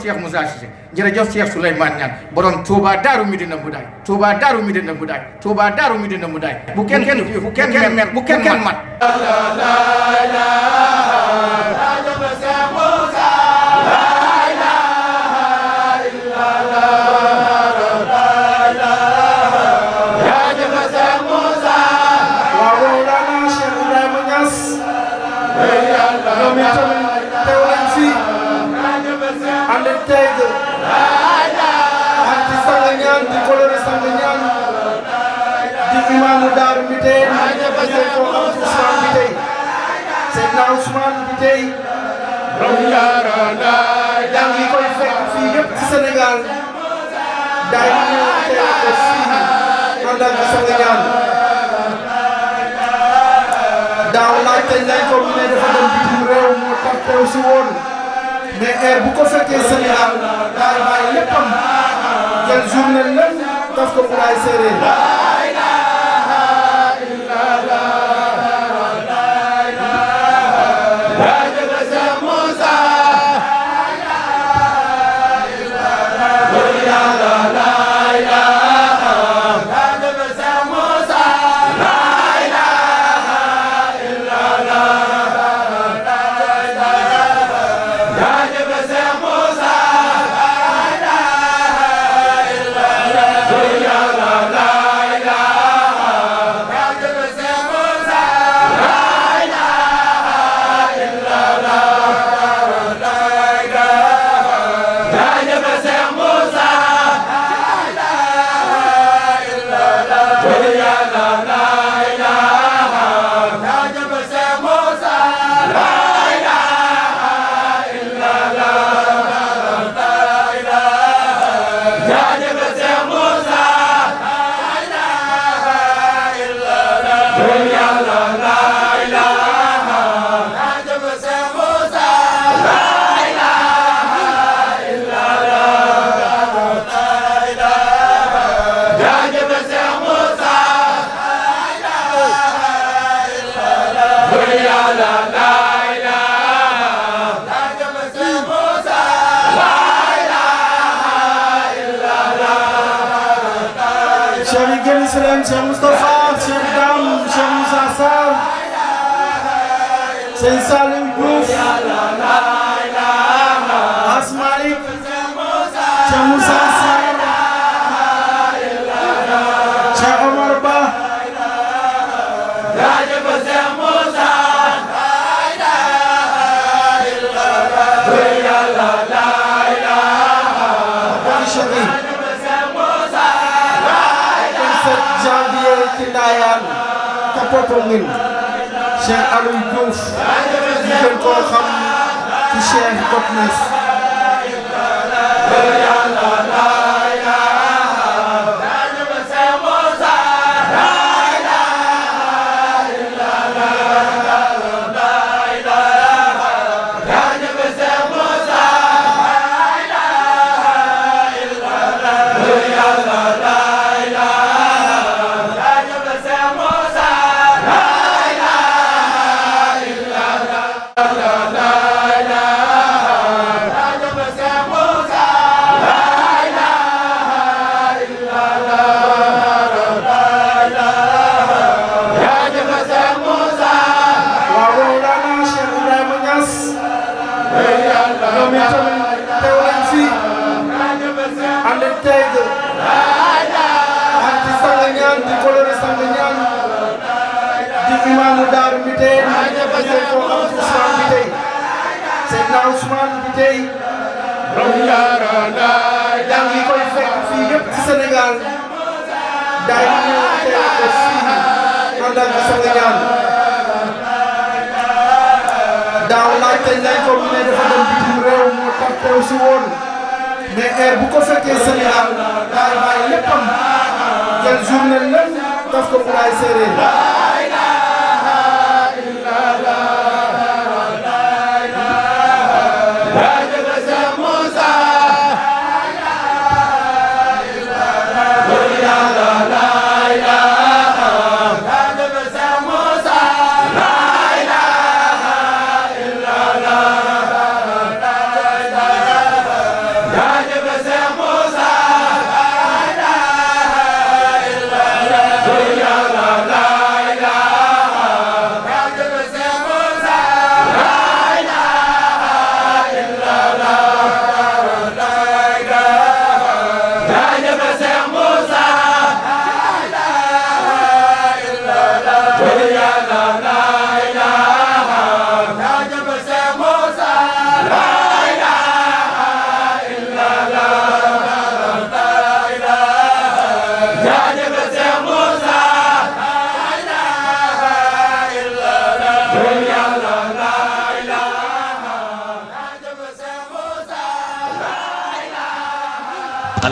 jërëjëf Cheikh Moussa Cissé jërëjëf Cheikh Souleymane Niang borom Touba Darou Midina Mboudaay Touba Darou Midina Mboudaay Touba Darou Midina Mboudaay bu kenn kenn bu bu kenn kenn mat ñaan di daaw laajte nañ ko mu ne dafa dem bitim réew moo tax teew si woon mais heure fekkee Sénégal daay bàyyi léppam quelle journée lan taf ko Xuraay séeréer Popenguine Cheikh Aliou Diouf ñu gën koo xam ci Cheikh Cotnef tey daa ngi koy fekk fii yëpp ci Sénégal daay ñëw tey ko fii ànd ak sama ñaan daaw laajte nañ ko mu ne dafa dem bitim réew moo tax teew si woon mais heure bu ko fekkee Sénégal daay bàyyi léppam jël journée lépp daf ko mu laay séeréer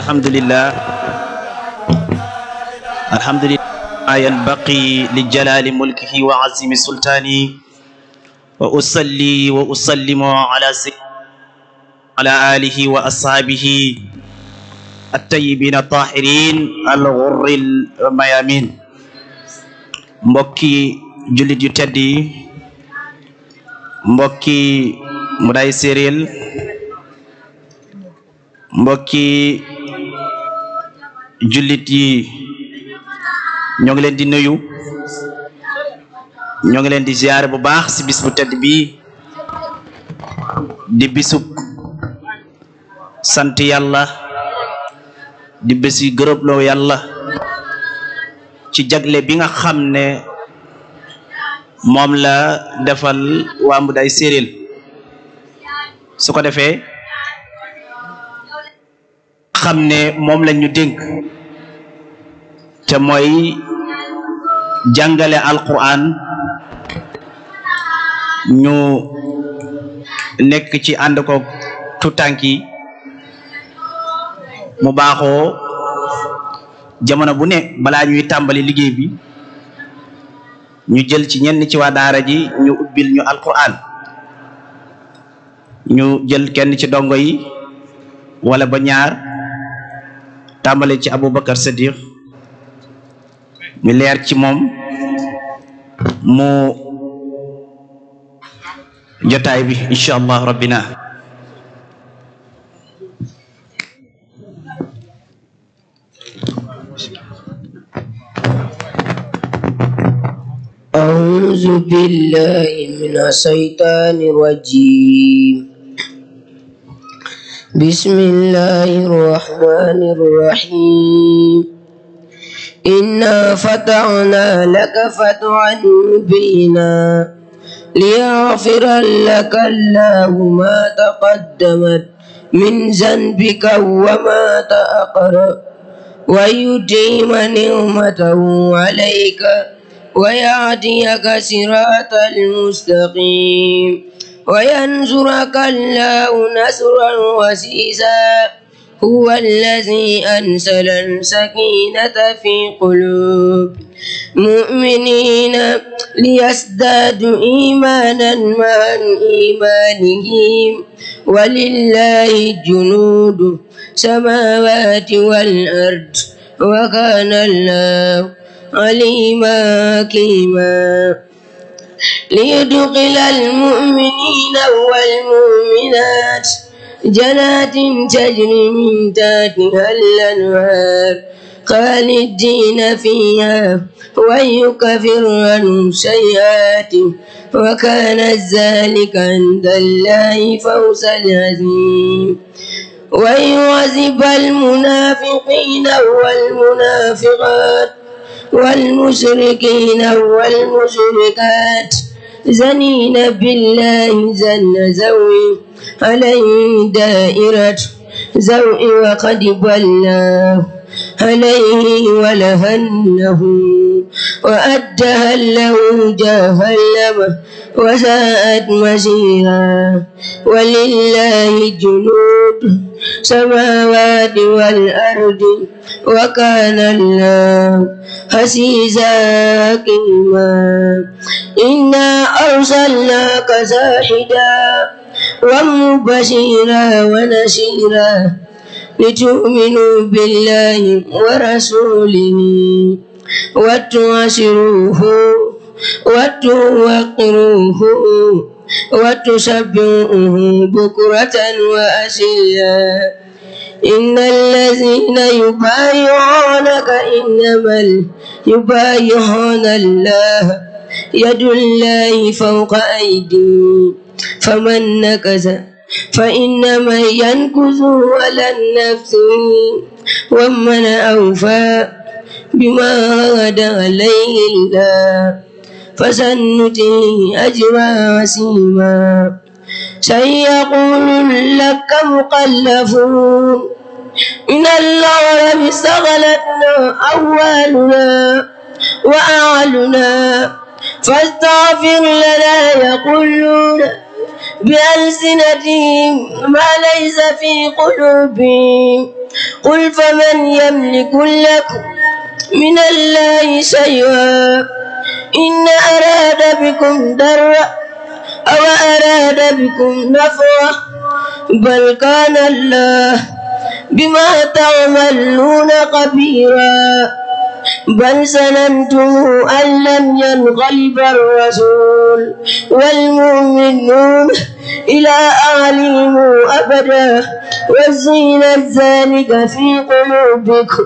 alhamdulillah alhamdulillah ma yanbaqi li jalali mulkihi wa azimi sultani wa usalli wa usallimu ala ala alihi wa ashabihi attayibina tahirin alxurril mayamin mbokki jullit yu tedd yi mbokki muday séril mbokki jullit yi ñoo ngi leen di nuyu ñoo ngi leen di ziyaare bu baax si bis bu tedd bii di sant yàlla di bési gërëbloo yàlla ci jagle bi nga xam ne moom la defal waa Mboudaye Sérère su ko defee xam ne moom la ñu dénk te mooy jàngale alquran ñu nekk ci ànd ko tutànk yi mu baaxoo jamono bu ne balaa ñuy tàmbali liggéey bi ñu jël ci ñenn ci waa ji ñu ubbil ñu alquran ñu jël kenn ci dongo yi wala ba ñaar tàmbale ci Aboubacar Sadiq mi leer ci moom mu jotaay bi incha allah rabbina أعوذ بالله من الشيطان الرجيم بسم الله الرحمن الرحيم إنا فتحنا لك فتحا مبينا ليغفر لك الله ما تقدم من ذنبك وما تأخر ويتم نعمته عليك ويهديك صراطا المستقيم وينصرك الله نصرا وسيسا هو الذي أنزل السكينة في قلوب مؤمنين ليزدادوا إيمانا مع إيمانهم ولله جنود السماوات والأرض وكان الله عليما حكيما ليدخل المؤمنين والمؤمنات جنات تجري من تحتها الأنهار خالدين فيها ويكفر عنهم سيئاتهم وكان ذلك عند الله فوزا عظيما ويعذب المنافقين والمنافقات والمشركين والمشركات زنين بالله زن زوي عليه دائرة زوء وقد ولاه عليه ولهنه وأدها له جهنم وساءت مسيرا ولله جنود السماوات والأرض وكان الله عزيزا حكيما إنا أرسلناك شاهدا ومبشرا ونشيرا لتؤمنوا بالله ورسوله وتعشروه وتوقروه وتسبحه بكرة وأسيا إن الذين يبايعونك إنما يبايعون الله يد الله فوق أيديهم فمن نكث فإنما ينكث على النفس ومن أوفى بما غدا عليه الله فسنتيه أجرا وسيما سيقول لك مقلفون من الغرب استغلتنا أولنا وأعلنا فاستغفر لنا يقولون بألسنتهم ما ليس في قلوبهم قل فمن يملك لكم من الله شيئا إن أراد بكم ضرا أو أراد بكم نفعا بل كان الله بما تعملون خبيرا بل سننتم أن لم ينقلب الرسول والمؤمنون إلى أهلهم أبدا وزينت ذلك في قلوبكم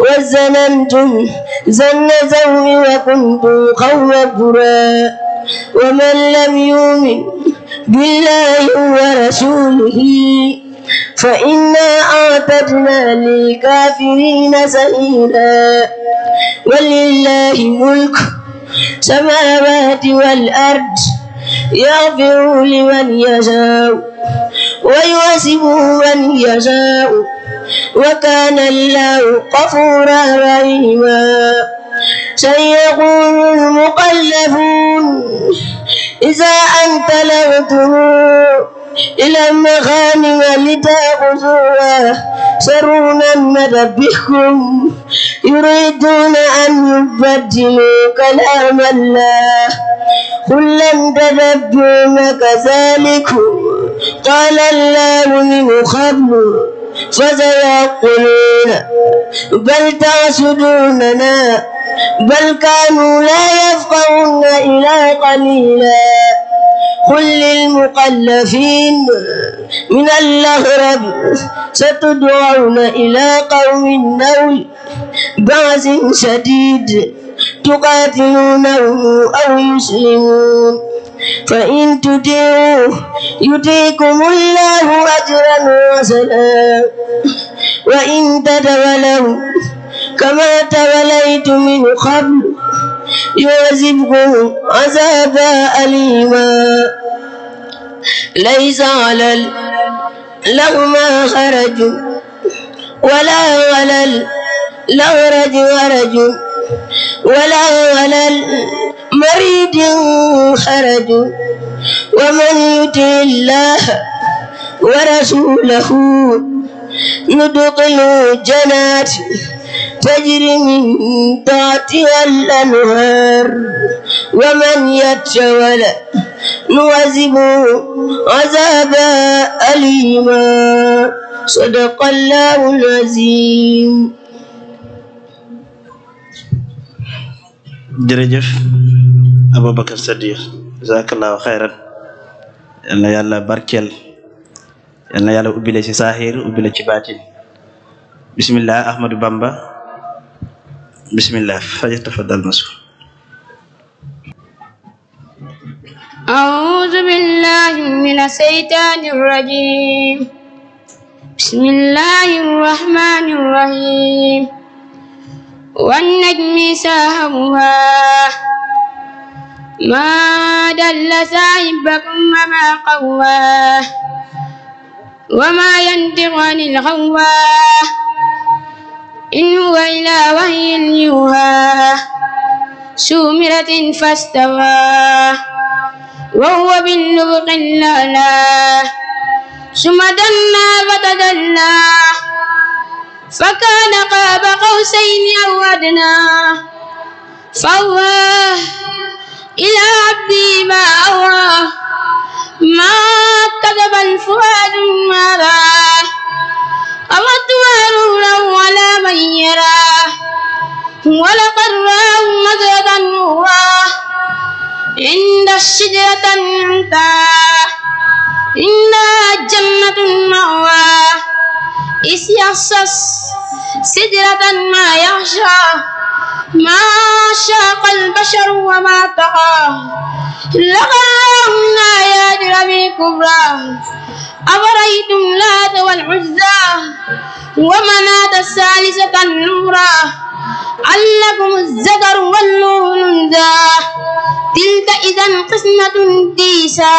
وزننتم زن زوم وكنتم قوما برا ومن لم يؤمن بالله ورسوله فإنا أعتدنا للكافرين سعيرا ولله ملك السماوات والأرض يغفر لمن يشاء ويعذب من يشاء وكان الله غفورا رحيما سيقول المقلبون إذا أنت لغته إلى المغانم لتأخذوها سرونا نذبحكم يريدون أن يبدلوا كلام الله قل لن تذبحون كذلكم قال الله من قبل فسيقولون بل تعصدوننا بل كانوا لا يفقهون إلا قليلا قل للمقلفين من الأغرب ستدعون إلى قوم نول بعث شديد تقاتلونهم أو يسلمون فإن تطيعوه يطيعكم الله أجرا وسلام وإن تتولوا كما توليتم من قبل يعذبكم عذابا أليما ليس على لو ما خرجوا ولا على لو رجوا ورجوا ولا على المريض خرجوا ومن يطع الله ورسوله ندخله جنات تجري من تحتها الأنهار ومن يتولى نعذبه عذابا أليما صدق الله العظيم jërëjëf Aboubacar Sadikh jazakallahu xayran yal na yàlla barkeel yal na yàlla ubbile ci saaxiir ubbile ci baatin bismillah Ahmadou Bamba bismillah faj tafadal masu أعوذ بالله من الشيطان الرجيم بسم الله الرحمن الرحيم والنجم ساهمها ما دل صاحبكم وما قواه وما ينطق عن الهوى إن هو إلا وهي يوحى سمرة فاستوى وهو بالنبق الأعلى ثم دنا فتدلى فكان قاب قوسين أو أدنى فأواه إلى عبدي ما أواه ما كذب الفؤاد ما راه أردت له على من يراه ولقد راه نزلة أخرى عند الشجرة المنتهى إنها جنة مأوى إذ يغشى سدرة ما يغشى ما شاق البشر وما طغى لقد عرفنا آيات ربي الكبرى أفرأيتم لات والعزى ومناة الثالثة الأخرى علكم الذكر والأنثى تلك إذا قسمة ديسى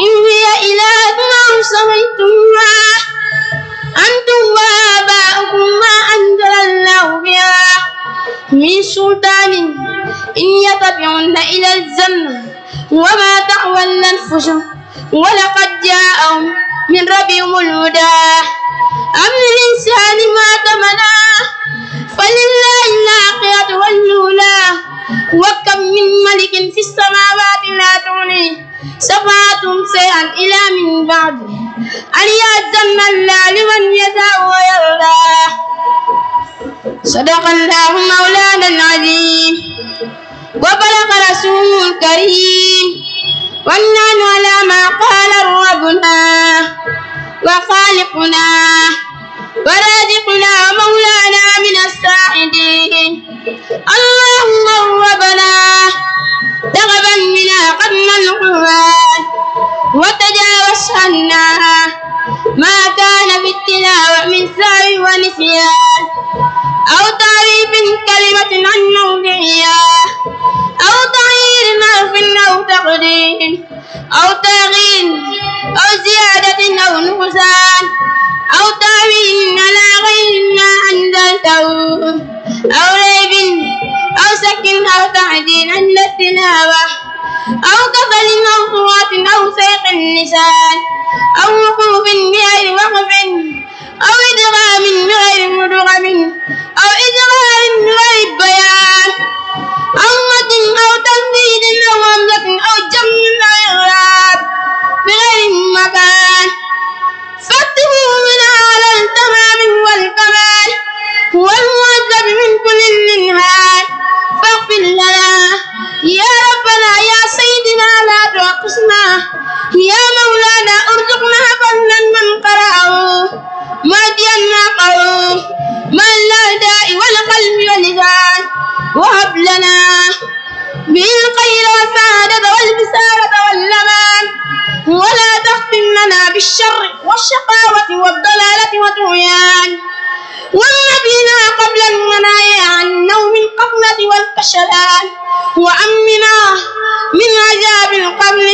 إن هي إله ما سميتموها أنتم وآباؤكم ما أنزل الله بها من سلطان إن يتبعون إلى الذم وما تحوى الأنفس ولقد جاءهم من ربهم الهدى أم للإنسان ما تمنى فلله الآخرة والأولى وكم من ملك في السماوات لا تغني شفاعتهم شيئا إلا من بعد أن يأذن الله لمن يشاء ويرضى صدق الله مولانا العظيم وبلغ رسوله الكريم ونحن على ما قال ربنا وخالقنا ورزقنا مولانا من الساعدين اللهم ربنا تغبا منا قبل القرآن وتجاوز عنا ما كان في التلاوة من سعي ونسيان أو تعريف كلمة عن موضعها أو تغيير حرف أو تقدير أو تغيير أو زيادة أو نقصان أو أو ريب أو شك أو تعديل عن التلاوة أو كسل أو صوات أو سيق اللسان أو وقوف بغير وقف أو إدغام بغير مدغم أو إدغام بغير بيان أو متن أو تمثيل أو همزة أو جمع الحسنى يا مولانا ارزقنا فضلا من قرأه ماديا ناقه ما الأداء والقلب واللسان وهب لنا بالخير والسعادة والبسارة واللبان ولا تختم لنا بالشر والشقاوة والضلالة والطغيان والذين قبل المنايا عن نوم القفلة والكسلان وأمنا من عذاب القبر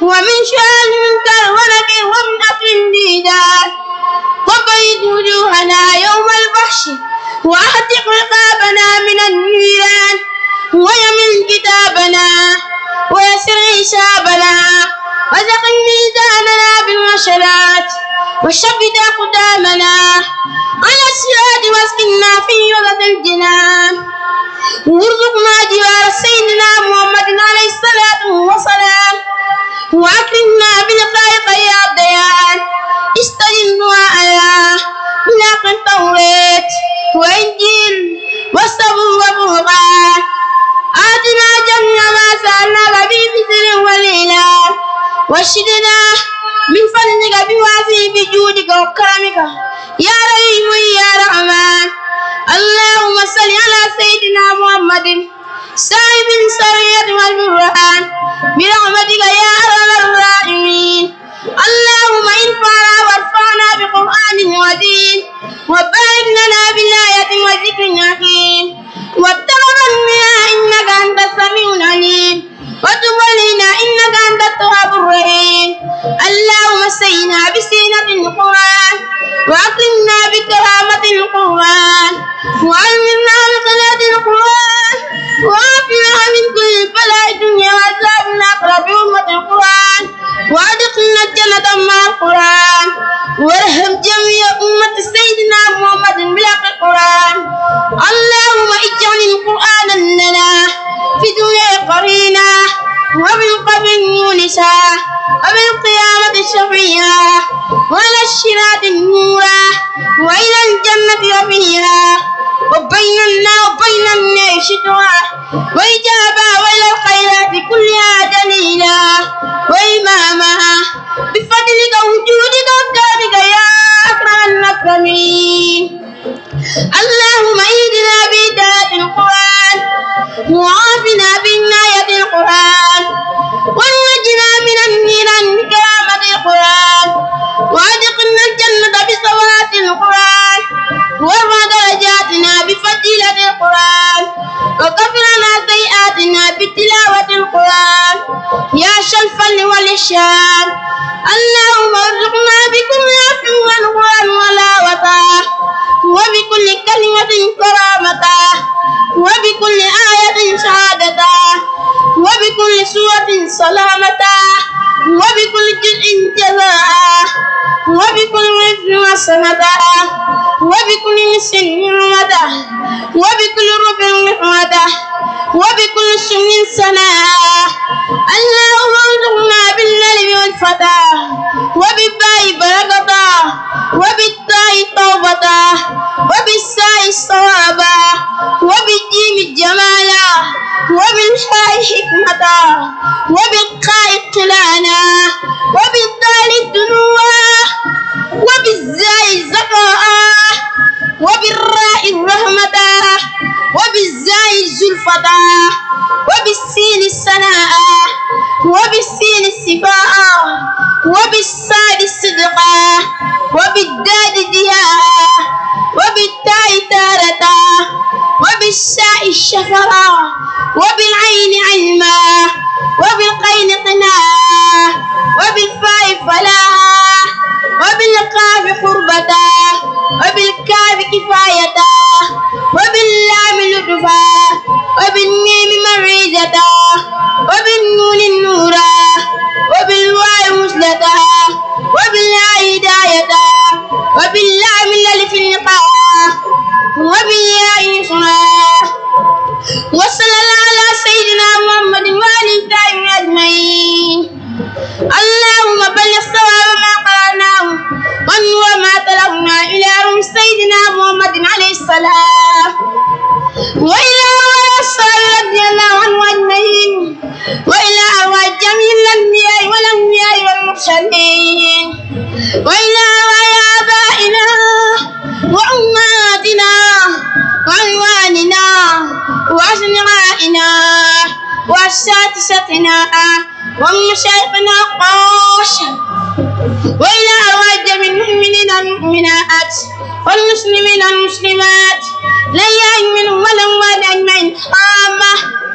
ومن شان الكرولة ومن أكل الديدان وقيد وجوهنا يوم البحش وأهدق رقابنا من النيران ويمن كتابنا ويسر حسابنا وزقن ميزاننا بالمرسلات وشبت أقدامنا على الصراط واسقنا في وسط الجنان وارزقنا جوار سيدنا محمد عليه الصلاة والسلام وأكرمنا بلقائك يا الديان استجب دعاءنا بلاق التوراة وإنجيل والصبر والقرآن آتنا جميع ما سألناك به في سر والإعلان واشدنا من فضلك بواسع بجودك وكرمك يا رحيم يا رحمن اللهم صل على سيدنا محمد سائب السرية والبرهان برحمتك يا أرحم الراحمين اللهم انفعنا وارفعنا بقرآن ودين وبارك لنا بالآيات والذكر الحكيم واتقبل منا إنك أنت السميع العليم وتب علينا إنك أنت التواب الرحيم اللهم سينا بسينة القرآن وأكرمنا بكرامة القرآن وعلمنا بقناة القرآن وعافنا من كل بلاء الدنيا وعذاب الآخرة بأمة القرآن وأدخلنا الجنة مع القرآن وارحم جميع أمة سيدنا محمد بلاق القرآن اللهم اجعل القرآن لنا في دنيا قرينا وبالقبر يونسا وبالقيامة شفيعا وعلى الشراط نورا وإلى الجنة رفيعا وبين النار وبين النار شدوا وإجابا وإلى الخيرات كلها دليلا وإمامها بفضلك وجودك وكرمك يا أكرم المكرمين اللهم إيدنا بهداية القرآن وعافنا به وكفر لنا سيئاتنا بتلاوة القرآن يا شرف والإحسان اللهم ارزقنا بكم عفو ونورا ولا وطا وبكل كلمة كرامة وبكل آية سعادة وبكل سورة سلامة وبكل جزء جزاء وبكل وزن وصمدا وبكل سن مدى وبكل ربع محمدا وبكل شمل سنا اللهم فتى وبالباء بركة وبالتاء توبة وبالساء الصوابا وبالجيم الجمالا وبالحاء حكمة وبالقاء قلانا وبالدال الدنوا وبالزاء الزقاء وبالراء الرحمة وبالزاء الزلفة وبالسين السناء وبالسين السفاء وبالصاد صدقا وبالداد دياء وبالتاء تارة وبالشاء الشفرا وبالعين علما وبالقين قنا وبالفاء فلا وبالقاف قربة وبالكاف كفاية وباللام لطفا وبالميم مريدة وبالنون نورا وبالواي وصلتها وبالله هدايتها وبالله من الف اللقاء وبالله نصرها وصلى الله على سيدنا محمد وآله الطاهرين أجمعين اللهم بلغ ثواب ما قرأناه ونور ما تلونا إلى روح سيدنا محمد عليه السلام وإلى أصحاب رضي الله عنه أجمعين وإلى أرواح جميع الأنبياء والأنبياء والمرسلين وإلى أرواح آبائنا وأمهاتنا أهلنا وعزن رائنا وأسات ستنا ومن مشارفنا قوش وإلى أراد من مؤمنين المؤمنات والمسلمين المسلمات لا يؤمن ولا أجمعين آمه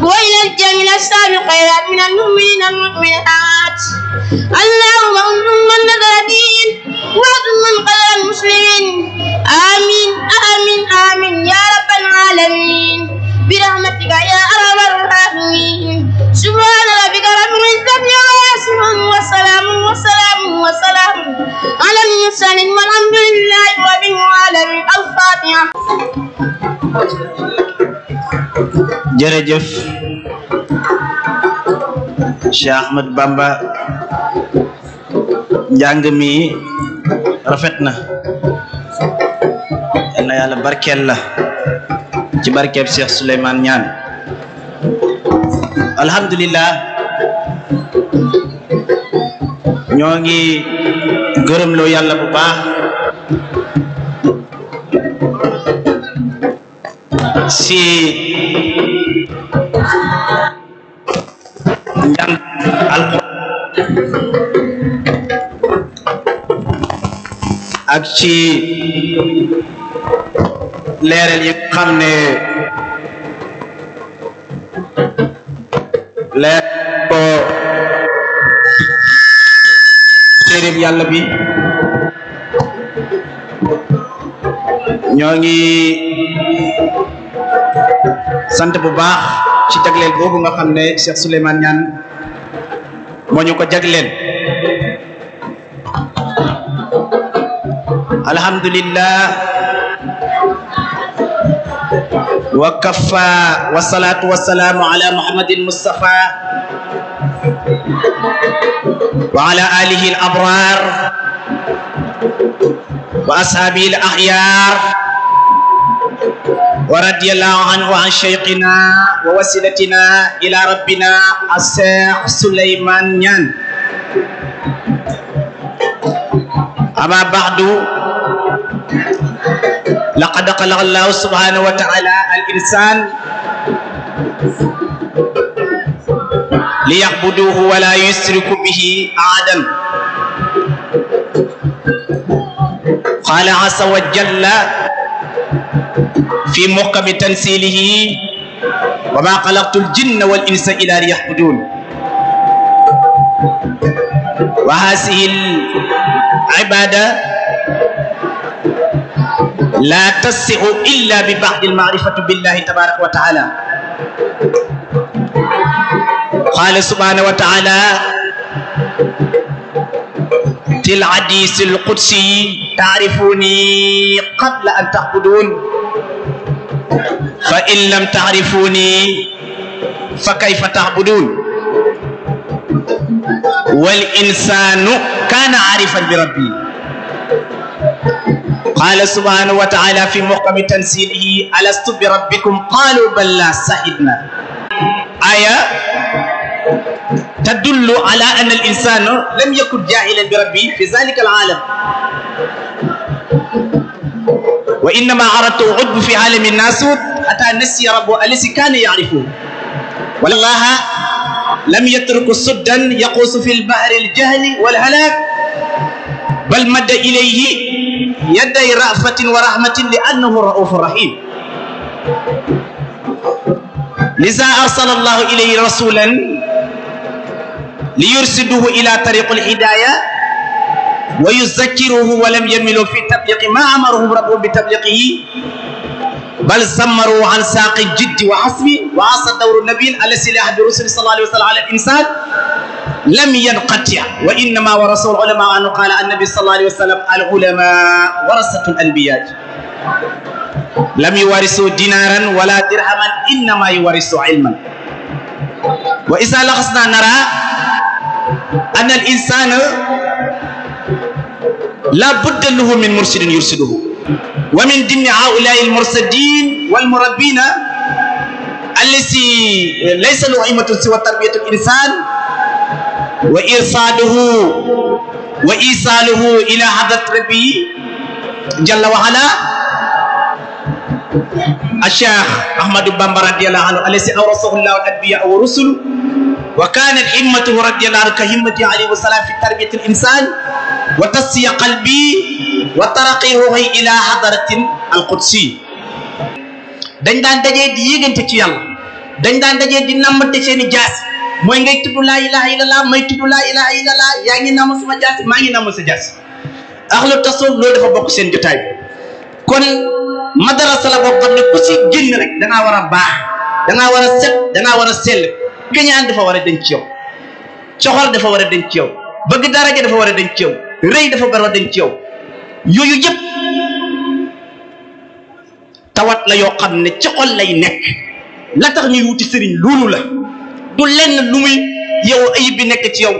وإلى الجميع السابق خيرات من المؤمنين والمؤمنات اللهم انصر من نذر دين واعظم من قدر المسلمين آمين آمين آمين يا رب العالمين برحمتك يا أرحم الراحمين سبحان ربك رب العزة عما يصفون وسلام وسلام وسلام على المرسلين والحمد لله رب العالمين الفاتحة jërëjëf Cheikh Ahmed Bamba njàng mi rafet na yal barkeel la ci barkeeb Cheikh Souleymane Niane alhamdulilah ñoo ngi gërëmloo yàlla bu baax si njàng alquran ak ci leeral yi xam ne leer ko téereb yàlla bi ñoo ngi sant bu baax ci jagleel boobu nga xam ne Cheikh Souleymane Niane moo ñu ko jagleel alhamdulillah wa kafa wasalaatu wasalaamu ala muhammadin mustafa wa ala alihi al abrar wa ashaabihi al axyaar ورضي الله عنه عن شيخنا ووسيلتنا إلى ربنا الشيخ سليمان نيان أما بعد لقد خلق الله سبحانه وتعالى الإنسان ليعبدوه ولا يشرك به أحدا قال عز وجل fi muqami tanzilihi wa ma xalaqtu ljinna wal insa illa liyahbudun wa hasihi libada la tasiu illa bi badi almarifatu billahi tabaraka wa taala qala subhanahu wa taala til hadis alqudsi taarifuni qabla an taabudun fa in lam taarifuni fa kayfa taabudun wal insaanu kaana aarifan bi rabbi qaala subhaanahu wa taala fi muqami tanzilihi alastu bi rabbikum qaalu bala sahidna aya tadullu ala anna al insanu lam yakun jaahilan bi rabbi fi zalika al aalam wa innama aradtu udbu fi aalami nnaasut أتى نسي ربه الذي كان يعرفه والله لم يترك سدا يقوس في البحر الجهل والهلاك بل مد إليه يدي رأفة ورحمة لأنه رؤوف رحيم لذا أرسل الله إليه رسولا ليرشده إلى طريق الهداية ويذكره ولم يمل في تبليغ ما أمره ربه بتبليغه bal sammaru an saaqi jiddi wa hasmi wa asa dawru nabiyin alasi laaha bi rusuli sallallahu alayhi wa sallam ala al insan lam yanqatia wa innama warasa al ulama anu qala annabi sallallahu alayhi wa sallam al ulama warasatu al anbiya lam yuwarisu dinaran wala dirhaman innama yuwarisu ilman wa isa laxasna nara anna al insana la budda lahu min mursidin yursiduhu wa min dimni haulaa'i al-mursadin wal-murabbina allazi laysa lahu himmatun siwa tarbiyati al-insan wa irsaduhu wa isaluhu ila hadrati rabbihi jalla wa ala الشيخ أحمد بامبا رضي الله عنه الذي أورثه الله الأنبياء ورسله وكانت همته رضي الله عنه كهمة عليه وسلم في تربية الإنسان wa tasfiya qalbi wa taraqi ruuxi ila hadratin alqudsi dañ daan dajee di yégante ci yàlla dañ daan dajee di nammante seeni jaas mooy ngay tudd laa ilaha illallah may tudd laa ilaha illallah yaa ngi namm sama jaas maa ngi namm sa jaas axlu tasawuf loolu dafa bokk seen jotaay bi kon madarasa la boo xam ne ku si génn rek dangaa war a baax dangaa war a set dangaa war a sell keñaan dafa war a denc yow coxor dafa war a denc yow bëgg daraja dafa war a denc yow rëy dafa bara dem ci yow yooyu yëpp tawat la yoo xam ne ci xol lay nekk la tax ñuy wuti sëriñ loolu la du lenn lu muy yow ayib bi nekk ci yow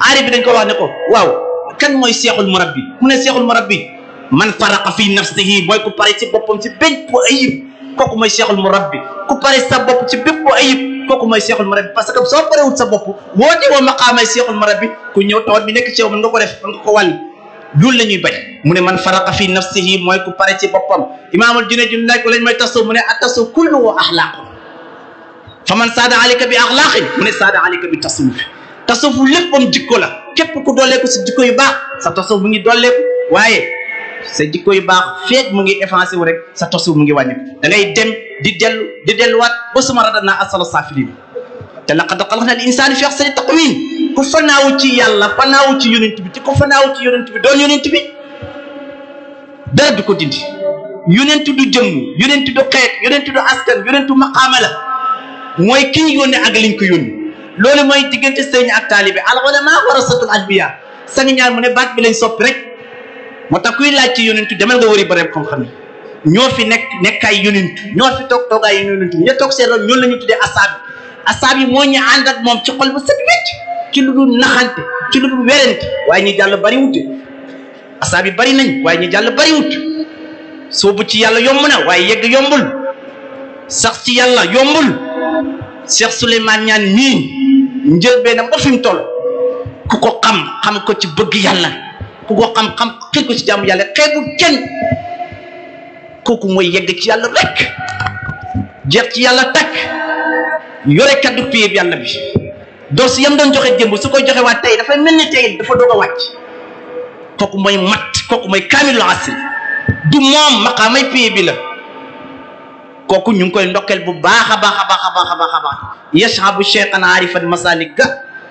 aari bi dañ ko wax ne waaw kan mooy seexul murabbi mu ne seexul murabbi man faraqa fi nafsihi mooy ku pare ci si ci benn ayib kooku mooy cheikhul murabbi ku pare sa bopp ci bépp ayib kooku mooy cheikhul murabbi parce que soo parewut sa bopp woo di woo maqaamay cheikhul murabbi ku ñëw tawat bi nekk ci yow mën nga ko def mën nga ko wàll loolu la ñuy bañ mu ne man faraqa fi nafsihi mooy ku pare ci boppam imaamul junne ju nekk lañ mooy tasu mu ne attasu kulluhu axlaaqun fa man saada alika bi axlaaqin mu ne saada alika bi tasawuf tasawuf léppam jikko la képp ku dooleeku si jikko baax sa tasawuf mu waaye sa jikko yu baax feeg mu ngi effacé wu rek sa tosu mu ngi wàññi da ngay dem di dellu di delluwaat ba suma radad naa asfala saafiliin te laqad xalaqna al na fi ahsani sa ku fanaaw ci yàlla fanaaw ci yonent bi te ku fanaaw ci yonent bi doon yonent bi dara du ko dindi yonent du jëmm yonent du xeet yonent du askan yonent du maqaama la mooy ki ñu yónne ak liñ ko yónni loolu mooy diggante sëriñ ak taalibe al a warasatul anbiyaa sa nga ñaar mu rek moo tax kuy laaj ci yonentu demal nga wëri bërëb xam-xam yi ñoo fi nekk ay yonentu ñoo fi toog ay yonentu ña toog seen loolu ñoom la ñu tuddee asaab yi asaab yi moo ñu ànd moom ci kol bu set wecc ci lu naxante ci lu dul werante waaye ñi jàll bari wute asaab yi bari nañ waaye ñi jàll bari wut soobu ci yàlla yomb na waaye yegg yombul sax ci yàlla yombul Cheikh Souleymane Niane mii njëlbeenam ba fi mu ku ko xam xam ko ci bëgg yàlla ku ko xam-xam xil ko ci jaamu yàlla xeebu kenn kooku mooy yegg ci yàlla rek jeex ci yàlla takk yore kaddu piyeb yàlla bi doo si yam doon joxe démb su ko joxe waat tey dafa mel ni tey dafa doog a wàcc kooku mooy mat kooku mooy kaamilul asri du moom maqaamay piyeb bi la kooku ñu ngi koy ndokkeel bu baax a baax a baax a baax a baax a baax yashabu cheikhan arifan masalik ga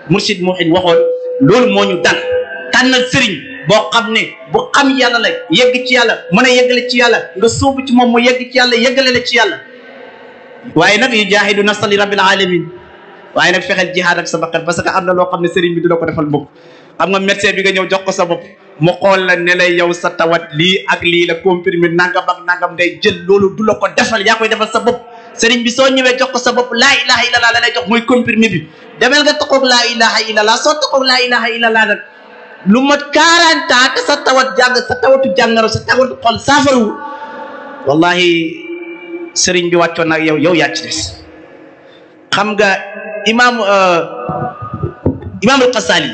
mursid muhin waxoon loolu moo ñu dal tànnal sëriñ boo xam ne bu xam yàlla la yegg ci yàlla mën yegg yeggale ci yàlla nga sóobu ci moom moo yegg ci yàlla yeggale la ci yàlla waaye nag yu jaahidu nafsa li rabbil alamin waaye nag fexeel jihaad ak sa bakkan parce que am na loo xam ne sëriñ bi du la ko defal mbokk xam nga médecin bi nga ñëw jox ko sa bopp mu xool la ne la yow sa tawat lii ak lii la comprimé nangam ak nangam day jël loolu du la ko defal yaa koy defal sa bopp sëriñ bi soo ñëwee jox ko sa bopp laa ilaha illallah la lay jox mooy comprimé bi demel nga taxoog laa ilaha illallah soo taxoog laa ilaha illallah nag lu mat 40 ans te sa tawat jàng sa tawatu jàngaro tawatu xol saafaru wallahi sëriñ bi wàccoon nag yow yow yaa des xam nga imaam euh, imaam al-Xasaali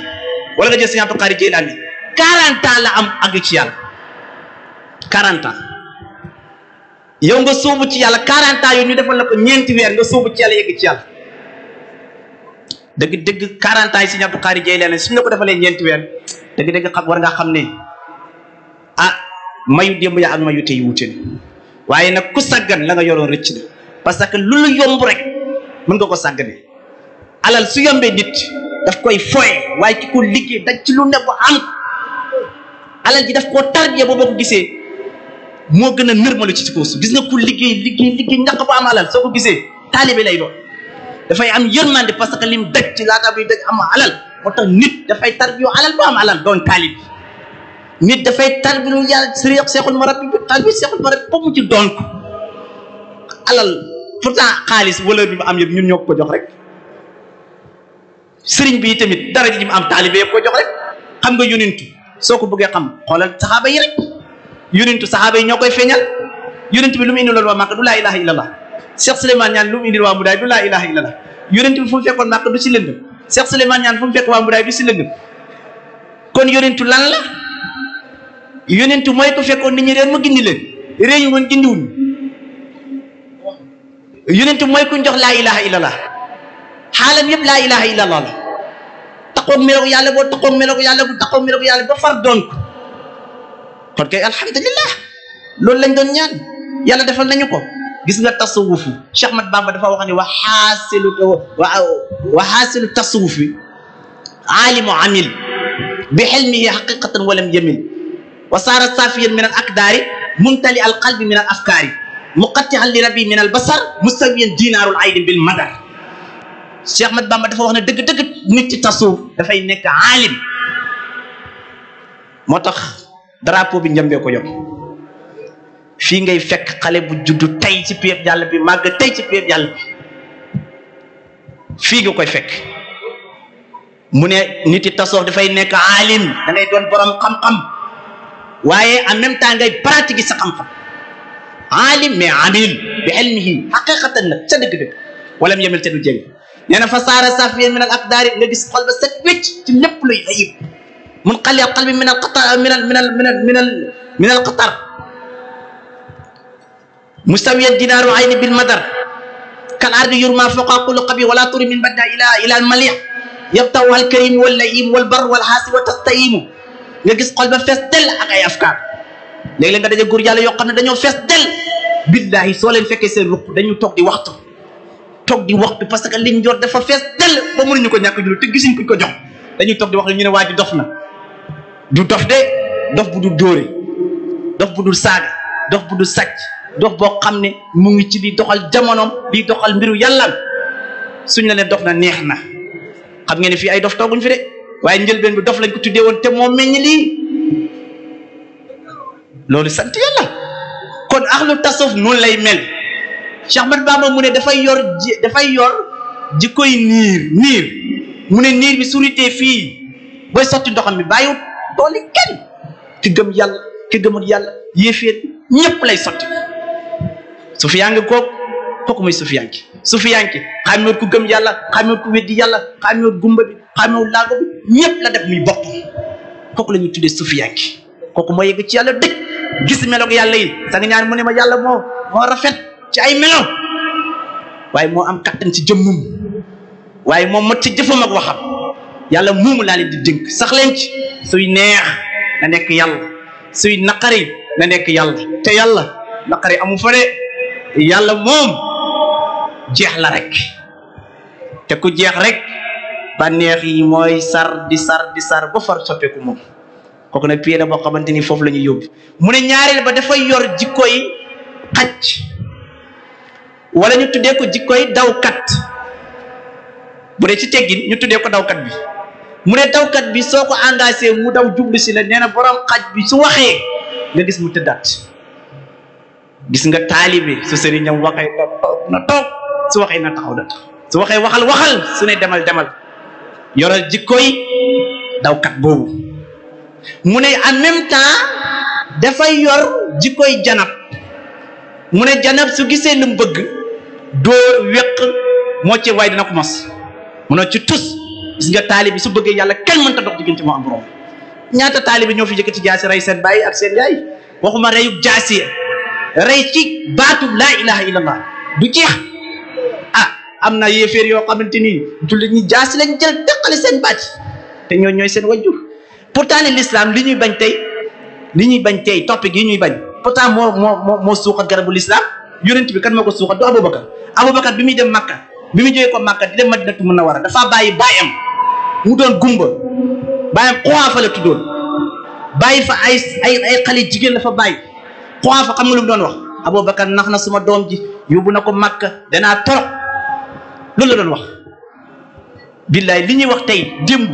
wala nga jël sëriñ Abdul Qaadir Jilaani 40 la am àgg ci yàlla 40 ans yow nga sóobu ci yàlla 40 ans yow ñu la ko ñeenti weer nga sóobu ci yàlla yegg dëgg-dëgg 40 ans yi Sëñ Abdou Khari Jeylaani suñ la ko defalee ñeenti weer dëgg-dëgg xam war ngaa xam ne ah mayu démb ya ak mayu tey wuute waaye nag ku sàggan la nga yoroon rëcc la parce que lu lu yomb rek nga ko sàggane alal su yombee nit daf koy foye waaye ki ko liggéey daj ci lu ne bu am alal ji daf koo tarbiya boo ko gisee moo gën a nërmalu ci ci kaw gis nga ku liggéey liggéey liggéey ñaq bu am alal soo ko gisee taalibe lay doon dafay am yërmande parce que lim daj ci laata buy daj am alal moo tax nit dafay tarbiyu alal bu am alal doon taalib nit dafay tarbiyu yàlla sëriñ seexul murabbi bi tarbiyu seexul murabbi ba mu ci doon ko alal pourtant xaalis valeur bi mu am yëpp ñun ñoo ko jox rek sëriñ bi tamit daraja ji mu am taalibe yëpp ko jox rek xam nga yunintu soo ko bëggee xam xoolal saxaaba yi rek yunintu saxaaba yi ñoo koy feeñal yunintu bi lu mu indi loolu waa Màkka du laa ilaha illallah Cheikh Souleymane Niane lu mu indil waa Mboudaay du laa ilaha illallah yonent bi fu mu fekkoon màkk du si lëndëm Cheikh Souleymane Niane fu fekk waa Mboudaay du si lëndëm kon yonentu lan la yonentu mooy ko fekkoon nit ñi réer mu gindi leen réer yi woon gindiwuñu yonentu mooy ku jox laa ilaha la xaalam yëpp laa ilaha illallah la taqoog meloog yàlla boo taqoog meloog yàlla bu taqoog meloog yàlla ba far doon ko kon kay alhamdulillah loolu lañ doon ñaan yàlla defal nañu ko gis nga tasawufu Cheikh Ahmad Bamba dafa wax ni wa xaasilu wa xaasilu tasawuf bi aalimu amil bi xilmihi xaqiqatan walam yamil wa saara safiyan min al akdaari mumtali al qalbi min al afkaari muqattihan li rabi min al basar musawiyan dinaarul ayni bil madar Cheikh Ahmad Bamba dafa wax ne dëgg-dëgg nit ci tasawuf dafay nekk aalim moo tax drapeau bi njambee ko yokk fii ngay fekk xale bu juddu tey ci péeb yàlla bi màgg tey ci péeb yàlla bi fii nga koy fekk mu ne nit yi tasawuf dafay nekk aalim da ngay doon borom xam-xam waaye en même temps ngay pratiquer ci xam-xam aalim mais amil bi ilmihi xaqiqatan nag sa dëgg-dëgg walam yemel te du jéng nee na fa saara safiyan min al aqdaari nga gis xol ba set wécc ci lépp ayib mun xali al qatar min al qatar mustawiyan dinaaru ayni bil madar kal ardi yurma foqa kullu qabi wala turi min badda ila ila al malih yabtaw al karim wal layim wal bar wal haasi wa tastayimu nga gis xol ba fees ak ay afkaar léeg nga daje góor yàlla yoo xam ne dañoo fees dell billahi soo leen fekkee seen ruq dañu toog di waxtu toog di waxtu parce que liñ jor dafa fees dell ba mënuñu ko ñàkk julli te gis kuñ ko jox dañuy toog di wax ñu ne waa ji dof na du dof de dof bu dul dóore dof bu dul saaga dof bu dul sàcc dox boo xam ne mu ngi ci di doxal jamonoom bii doxal mbiru yàlla suñ la ne dox na neex na xam ngeen ne fii ay dof tooguñ fi de waaye njëlbeen bi dof lañ ko tudde woon te moo meññ lii loolu sant yàlla kon lay mel Cheikh mu ne dafay yor dafay yor jikkoy niir niir mu ne niir bi surité fii booy sotti ndoxam bi bàyyiwut tooli kenn ki gëm yàlla ki gëmul yàlla yéeféet lay sotti sufiyanke kooku kooku mooy sufiyanke sufiyanke xàmmewut ku gëm yàlla xàmmewut ku weddi yàlla xàmmewut gumba bi xàmmewut laago bi ñëpp la def muy bokk kooku la ñu tuddee sufiyanke kooku moo yegg ci yàlla dëkk gis meloog yàlla yi sa nga ñaan mu ne ma yàlla moo moo rafet ci ay melo waaye moo am kattan ci jëmmum waaye moom mot ci jëfam ak waxam yàlla moomu laa leen di dénk sax leen ci suy neex na nekk yàlla suy naqari na nekk yàlla te yàlla naqari amu yàlla moom jeex la rek te ku jeex rek bànneex yi mooy sar di sar di sar ba far soppeeku moom kooku nag pied na boo xamante ni foofu lañuy ñuy mu ne ñaareel ba dafay yor jikkoy xaj wala ñu tuddee jikkoy dawkat bu dee ci teggin ñu tuddee ko dawkat bi mu ne dawkat bi soo ko engagé mu daw jublu si la nee na borom xaj bi su waxee nga gis mu tëddaat gis nga taalibe su sëriñam waxee na toog su waxee na taxaw su waxee waxal waxal su ne demal demal yoral jikkooy dawkat boobu mu ne en même dafay yor jikkooy janab mu ne janab su gisee lu mu bëgg doo wéq moo ci waay dina ko mos mu ne ci tus gis nga taalibe su bëggee yàlla kenn mënta dox diggante moo am borom ñaata taalibe ñoo fi jëkk ci jaasi rey seen bàyyi ak seen yaay waxuma reyub jaasi rey ci baatu laa ilaha illallah du jeex a ah, am na yéeféer yoo xamante ni jullit ñi jaasi lañ jël dëqale seen baat te ñoo ñooy seen wajjur pourtant ne l'islam li ñuy bañ tey li ñuy bañ tey topp gi ñuy bañ pourtant moo moo moo moo suuxat garabu l'islam yonent bi kan moo ko suuxat du aboubacar aboubacar bi muy dem makka bi muy jógee ko makka di dem madinatu munawara dafaa bàyyi am mu doon gumba baayam xuwaafa tu tuddoon bàyyi fa ay ay ay xale jigéen dafa bàyyi xoofa xam nga lu doon wax Aboubacar nax na suma doom ji yóbbu na ko Makka danaa torop loolu la doon wax billaay li ñuy wax tey démb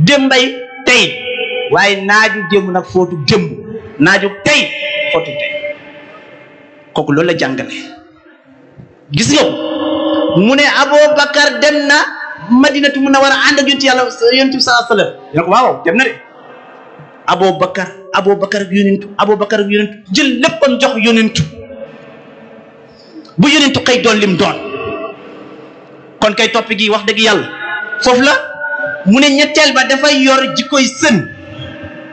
démbay tey waaye naaju démb nag footu démb naaju tey footu tey kooku loolu la jàngale gis nga mu ne Aboubacar dem na madinatu mun na war a ànd ak yonti yàlla yonti bi salaa ko waaw dem na de Aboubacar Aboubacar ak yonentu Aboubacar ak yonentu jël kon jox yonentu bu yonentu xëy doon lim doon kon kay topp gi wax dëgg yàlla foofu la mu ne ñetteel ba dafay yor jikkoy sën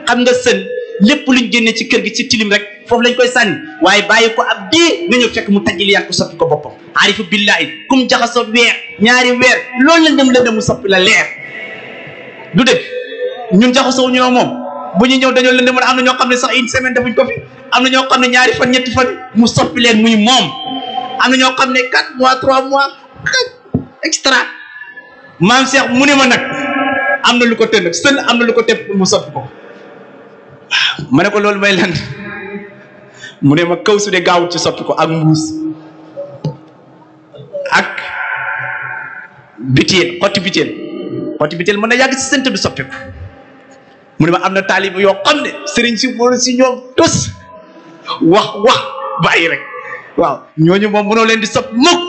xam nga sën lépp luñ génne ci kër gi ci tilim rek foofu lañ koy sànni waaye bàyyi ko ab diir nga ñëw fekk mu tajjil yàlla ko soppi ko boppam aarifu billaahi kum jaxasoo weer ñaari weer loolu la dem la dem mu soppi la leer du dëgg ñun jaxasoo ñu moom bu ñu ñëw dañoo leen di am na ñoo xam ne sax une semaine defuñ ko fi am na ñoo xam ne ñaari fan ñetti fan mu soppi leen muy moom am na ñoo xam ne quatre mois trois mois extra maam Cheikh mu ne ma nag am na lu ko tënk sën am na lu ko tënk mu soppi ko waaw ne ko loolu may lan mu ne ma kaw si dee gaaw ci soppi ko ak mbuus ak biteel xotti biteel xotti biteel mën na yàgg si sënt bi soppi mu ne ma am na taalib yoo xam ne sëriñ si mënu si ñoom tos wax wax bàyyi rek waaw ñu moom noo leen di sopp mukk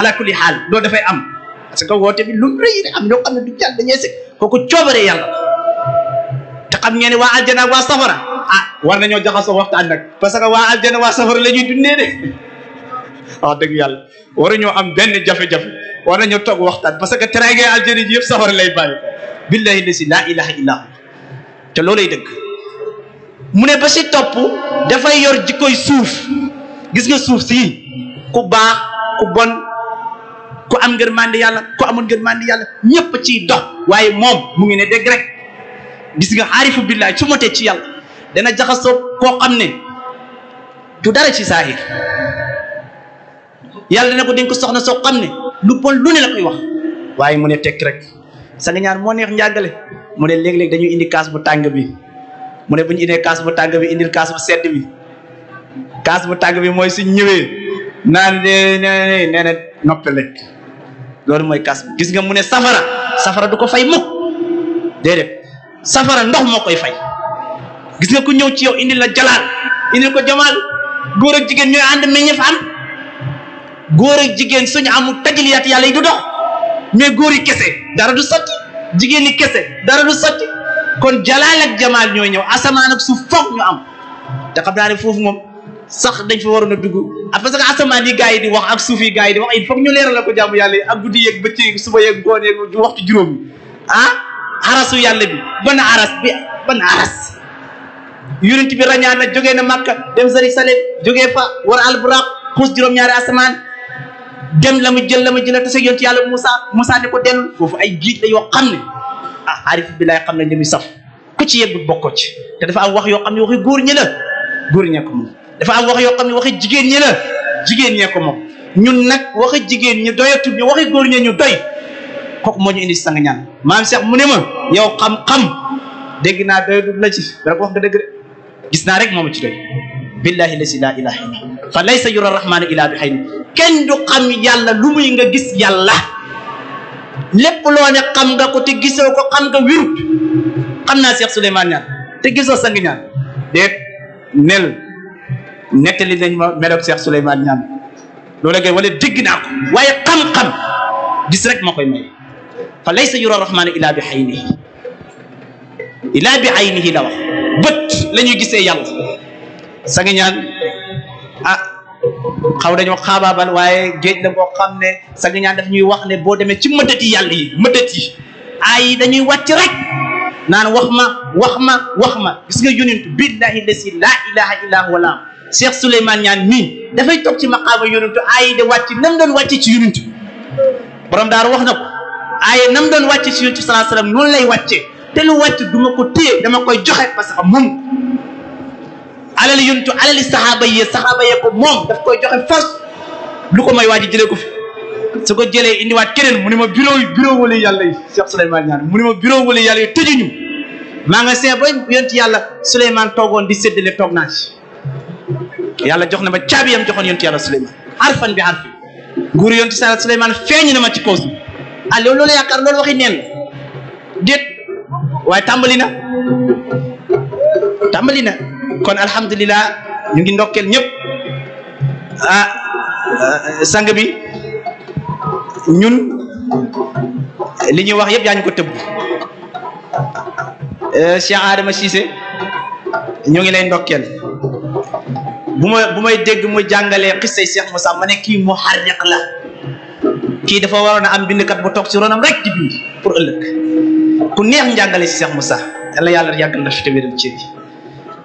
ala kulli xaal loolu dafay am parce que woote bi lu xam ne du jàll yàlla te xam ngeen ne waa aljana waa safara ah war nañoo jaxasoo waxtaan nag parce que waa aljana waa safara la ñuy dundee de wax dëgg yàlla ñoo am benn jafe-jafe war nañoo toog waxtaan parce que teraange aljana ji yëpp safara lay bàyyi billahi la si laa ilaha illa te loolay dëgg mu ne ba si topp dafay yor jikkoy suuf gis nga suuf si ku baax ku bon ku am ngërmande yàlla ku amul màndi yàlla ñëpp ciy dox waaye moom mu ngi ne dégg rek gis nga xaarifu billaay su motee ci yàlla dana jaxasoo koo xam ne du dara ci saahir yàlla dana ko dénk soxna soo xam ne lu bon lu ne la koy wax waaye mu ne tekk rek sa ñaar moo neex njàngale mu ne léeg-léeg dañuy indi kaas bu tàng bi mu ne bu ñu indee kaas bu tàng bi indil kaas bu sedd bi kaas bu tàng bi mooy suñ ñëwee naan nee na nee noppale loolu mooy kaas bi gis nga mu ne safara safara du ko fay mukk déedéet safara ndox moo koy fay gis nga ku ñëw ci yow indil la jalaal indil ko jamaal góor ak jigéen ñooy ànd meññeef am góor ak jigéen suñu amul tajaliyaat yàlla yi du dox mais góor yi kese dara du sotti. jigéen ñi kese dara du sotti kon jalaal ak jamaal ñooy ñëw asamaan ak suuf foog ñu am te xam naa ne foofu moom sax dañ fa waroon na dugg a ah que asamaan yi gars yi di wax ak suuf yi di wax il foog ñu leeral la ko jàmm yàlla yi ak guddi yeeg bëccëg suba yeeg ngoon yeeg waxtu juróom yi ah arasu yàlla bi ban aras bi ban aras yonent bi rañaan na jógee na Makka dem Jérusalem jógee fa war alburaq xuus juróom-ñaari asamaan dem la mu jël la mu jël te sa yonent yàlla Moussa Moussa ne ko dellu foofu ay giij la yoo xam ne a ah, aarif bi laay xam ne li muy saf ku ci yegg bokkoo ci te dafa am wax yoo xam ne waxi góor ñi la góor ñee ko moom dafa am wax yoo xam ne waxi jigéen ñi jigéen ñee ko moom ñun nag waxi jigéen ñi doyatul ñu waxi góor ñee ñu doy kooku moo ñu indi sang ñaan maam Cheikh mu ne ma yow xam-xam dégg naa doyatul la ci dara ko wax nga dëgg de gis naa rek moom ci doy billahi lasi laa ilaha illa fa laysa yura rahmaana ilaa bi xëy kenn du xam yàlla lu nga gis yàlla lépp loo ne xam ko te gisoo ko xam nga wirut xam naa Cheikh Souleymane ñaan te gisoo sang ñaan déet nel nettali nañ ma meloog Cheikh Souleymane ñaan loola gën wala dégg naa ko waaye xam-xam gis rek ma koy may fa laysa yura rahmaana ilaa bi xëy ni ilaa bi aynihi gisee yàlla sangi ñaan ah xaw dañoo xaabaabal waaye géej la boo xam ne sangi ñaan daf ñuy wax ne boo demee ci mëddat yi yàlla yi mëddat yi aay yi dañuy wàcc rek naan wax ma wax ma wax ma gis nga yonent billahi lesi laa ilaha illa huwa wala Cheikh Souleymane ñaan mii dafay toog ci maqaama yonentu aay yi de wàcc nam doon wàcce ci yonent borom daaru wax na ko aaye nam doon wàcce ci yonent sallallahu alayhi wasallam noonu lay wàcce te lu wàcc du ma ko téye dama koy joxe parce que moom alal yuntu alali saxaaba yi saxaaba yee ko moom daf koy joxe force lu ko may waa ji jëlee ko fi su ko jëlee indiwaat keneen mu ni ma bureau bureau wala yàlla yi Cheikh Souleymane Niane mu ne ma bureau wala yàlla yi tëjuñu maa nga seen ba yonent yàlla Souleymane toogoon di séddale toog naa ci yàlla jox na ma caabiyam joxoon yonent yàlla Souleymane arfan bi arfan nguur yonent yàlla Souleymane feeñ na ma ci kaw si ah loolu loolu yaakaar loolu waxi neen déet waaye tàmbali na kon alhamdulilah ñu ngi ndokkeel ñëpp ah, ah sang bi ñun li ñuy wax yëpp yaa ñu ko tëbb eh, Cheikh Adama Cissé ñoo ngi lay ndokkeel bu ma bu may dégg mu jàngalee xissay Cheikh Moussa ma ne kii muharriq la kii dafa waroon a am bindkat bu toog si ronam rek di bind pour ëllëg ku neex njàngale si Cheikh sax yàlla yàlla yàgg na fi te wéral ci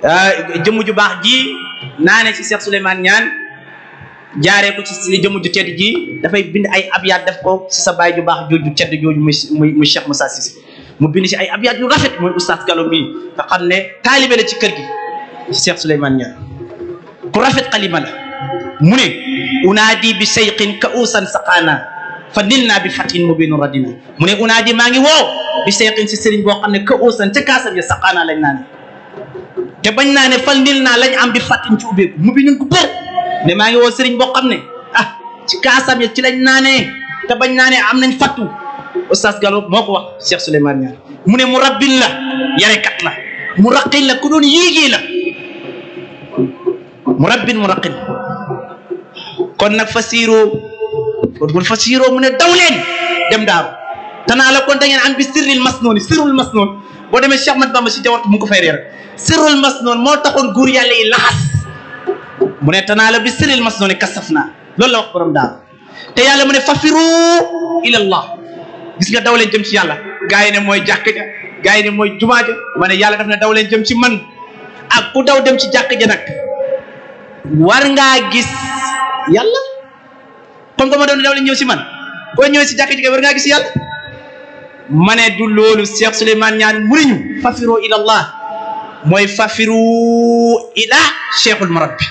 Euh, jëmm ju baax ji naa ne ci Cheikh Souleymane Niane jaaree ko ci si jëmm ju tedd ji dafay bind ay abyaat def ko sa baay ju baax jooju tedd jooju muy muy muy Cheikh Moussa Cissé mu bind ci ay abyaat yu rafet mooy oustaz Gallo mii nga xam ne taalibe la ci kër gi Cheikh Souleymane Niane ku rafet xalima la mu ne unaadi bi sayqin ka sa saqaana fa nil naa bi fatin mubinu radina mu ne unaadi maa ngi woo bi sayqin si sëriñ boo xam ne ka usan ca kaasam ya saqaana lañ naa ne te bañ naa ne fal nil naa lañ ambi di fàttiñ ci mu bi nun gu bër ne maa ngi woo sëriñ boo xam ne ah ci kaasam ya ci lañ naanee te bañ naa ne am nañ fattu oustaz Gallo moo ko wax Cheikh Souleymane mu ne mu rabbin la yarekat la mu raqin la ku doon yéegee la mu rabbin mu raqin kon nag fasiiroo kon fasiiroo mu ne daw leen dem daaru tanaa la kon da ngeen am bi sirril masnooni sirrul masnooni boo demee man Ahmad Bamba si jawat mu ngi ko fay réer sirrul masnoon moo taxoon góor yàlla yi laxas mu ne tanaa la bi sirril masnooni kasaf naa loolu la wax borom daal te yàlla mu ne fafiru ilallah gis nga daw leen jëm ci yàlla gaa yi ne mooy jàkk ja gaa yi ne mooy jumaa ja ma ne yàlla daf ne daw leen jëm ci man ak ku daw dem ci jàkk ja nag war ngaa gis yàlla comme que ma daw leen ñëw si man koo ñëwee si jàkk war ngaa gis yàlla ma ne du loolu Cheikh Souleymane Niane mënuñu fafiru ila allah mooy fafiru ila cheikhul marabbi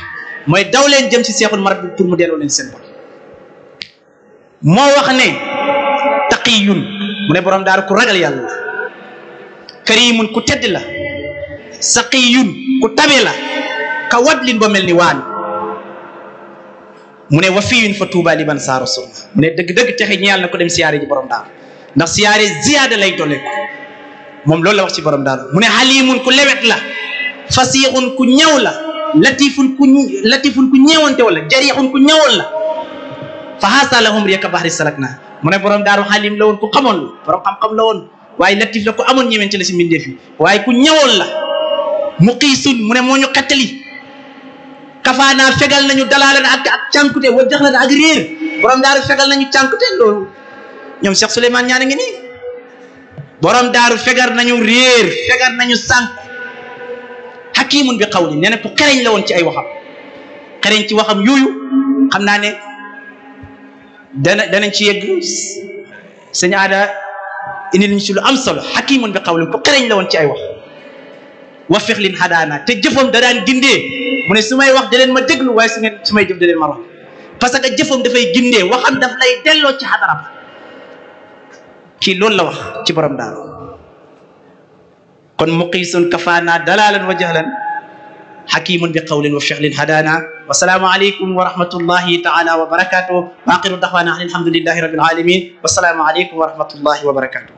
mooy daw leen jëm ci cheikhul marabbi pour mu delloo leen seen bopp moo wax ne taqiyun mu ne borom daaru ku ragal yàlla la karimun ku tedd la saqiyun ku tabe la ka wadlin ba mel ni waani mu ne wafiyun fa tuuba liman saara so mu ne dëgg-dëgg texe ñeel na ko dem siyaare ji borom daaru ndax siyaare ziyaada lay dolleeku moom loolu la wax ci borom daal mu ne xalimun ku lewet la fasixun ku ñëw la latifun ku latifun ku ñeewante wala jarixun ku ñëwoon la fa xaasa lahum rieka baxri salak na mu ne borom daaru xalim la woon ku xamoon la borom xam-xam la woon waaye latif la ku amoon ñëwante la si mbindeef yi waaye ku ñëwoon la muqiisun mu ne moo ñu xettali kafaanaa fegal nañu na ak ak cànkute wa jaxlan ak réer borom daal fegal nañu cànkute loolu ñoom Cheikh Souleymane ñaana ngi nii borom daaru fegar nañu réer fegar nañu sànq hakimun bi xawli nee na ku xereñ la woon ci ay waxam xereñ ci waxam yooyu xam naa ne dana danañ ci yegg sëñ aada indi ñu ci lu am solo hakimun bi xawli ku xereñ la woon ci ay wax wa fex lin xadaana te jëfam da daan gindee mu ne su may wax da leen ma déglu waaye su ngeen su may jëf leen ma wax parce que jëfam dafay gindee waxam daf lay delloo ci xadara kii loolu la wax ci borom daaru kon muqiisun kafaana dalaalan wa jahlan xakimun bi qawlin wa fi'lin hadaana wa salaamu aleykum wa rahmatullahi taala wa barakaatu wa aqiru daxwaana an alhamdulillahi rabbil alamin wa salaamu aleykum wa rahmatullahi wa barakaatu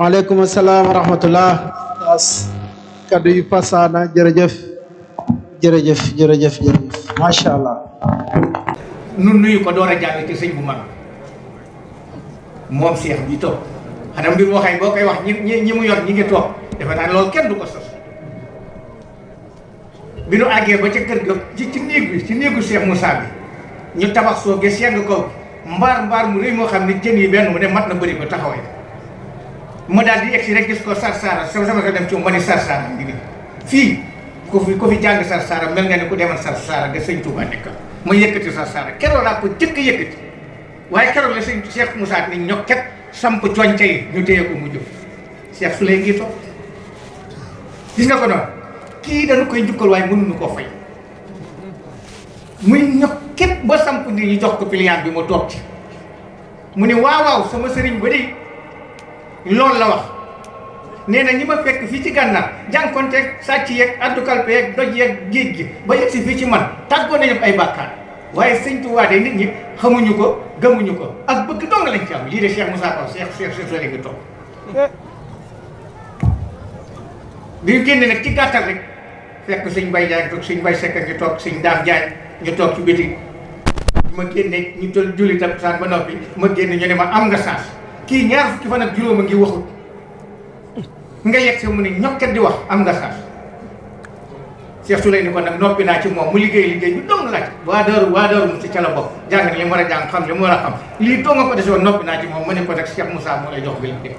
waaleykum asalaam wa rahmatullah as kaddu yu passaana jërëjëf jërëjëf jërëjëf jërëjëf macha allah nu nuyu ko door a jàll ci sëñ bu mag moom seex bi toog xanaa mbir moo xam boo koy wax ñi ñi mu yoon ñi ngi toog defe naa loolu kenn du ko sos bi nu àggee ba ca kër ga ci ci néeg bi ci néegu Cheikh Moussa bi ñu tabax soo gis yegg kaw mbaar mbaar mu rëy moo xam ne jën yi benn mu ne mat na bëri ko taxawee ma daal di egsi rek gis ko sarsara sama sama sa dem ci ma ni sarsara fii ku fi ku fi jàng sarsara mel nga ne ku demal sarsara ga sëñ Touba nekk mu yëkkati sa sara keroog laa ko jëkk yëkkati waaye keroog la sëñ Cheikh Moussa ni ñokket samp coñca yi ñu téye ko mu jóg Cheikh su lay ngi toog gis nga ko noonu kii dañu koy njukkal waaye mënuñu koo fay muy ñokket ba samp ni ñu jox ko piliyaan bi mu toog ci mu ne waawaaw waaw sama sëriñ ba de loolu la wax nee na ñi ma fekk fii ci gànnaar jànkonteeg sàcc yeeg addukalpe yeeg doj yeeg géej gi ba yegg si fii ci man tàggoo nañu ay bàkkaar waaye sëñ Tuubaa de nit ñi xamuñu ko gëmuñu ko ak bëgg dong lañ ci am lii de Cheikh Moussa Taw Cheikh Cheikh Cheikh la ngi toog bi ñu génne nag ci gàttal rek fekk sëñ Bay Jaay toog sëñ Bay Sekk ngi toog sëñ Daam Jaay ñu toog ci biti ma génne ñu toll julli tam saan ba noppi ma génne ñu ne ma am nga chance kii ñaar fukki fan ak juróom a ngi waxut nga yegg si mu ne ñokkat di wax am nga xaar Cheikh Souley ni ko nag noppi naa ci moom mu liggéey liggéey bi dong laaj waa daaru waa daaru mu ci ca la bokk jàng na li mu war xam li mu a xam lii dong nga ko desoon noppi naa ci moom mu ne ko nag Cheikh Moussa moo lay jox bi liggéey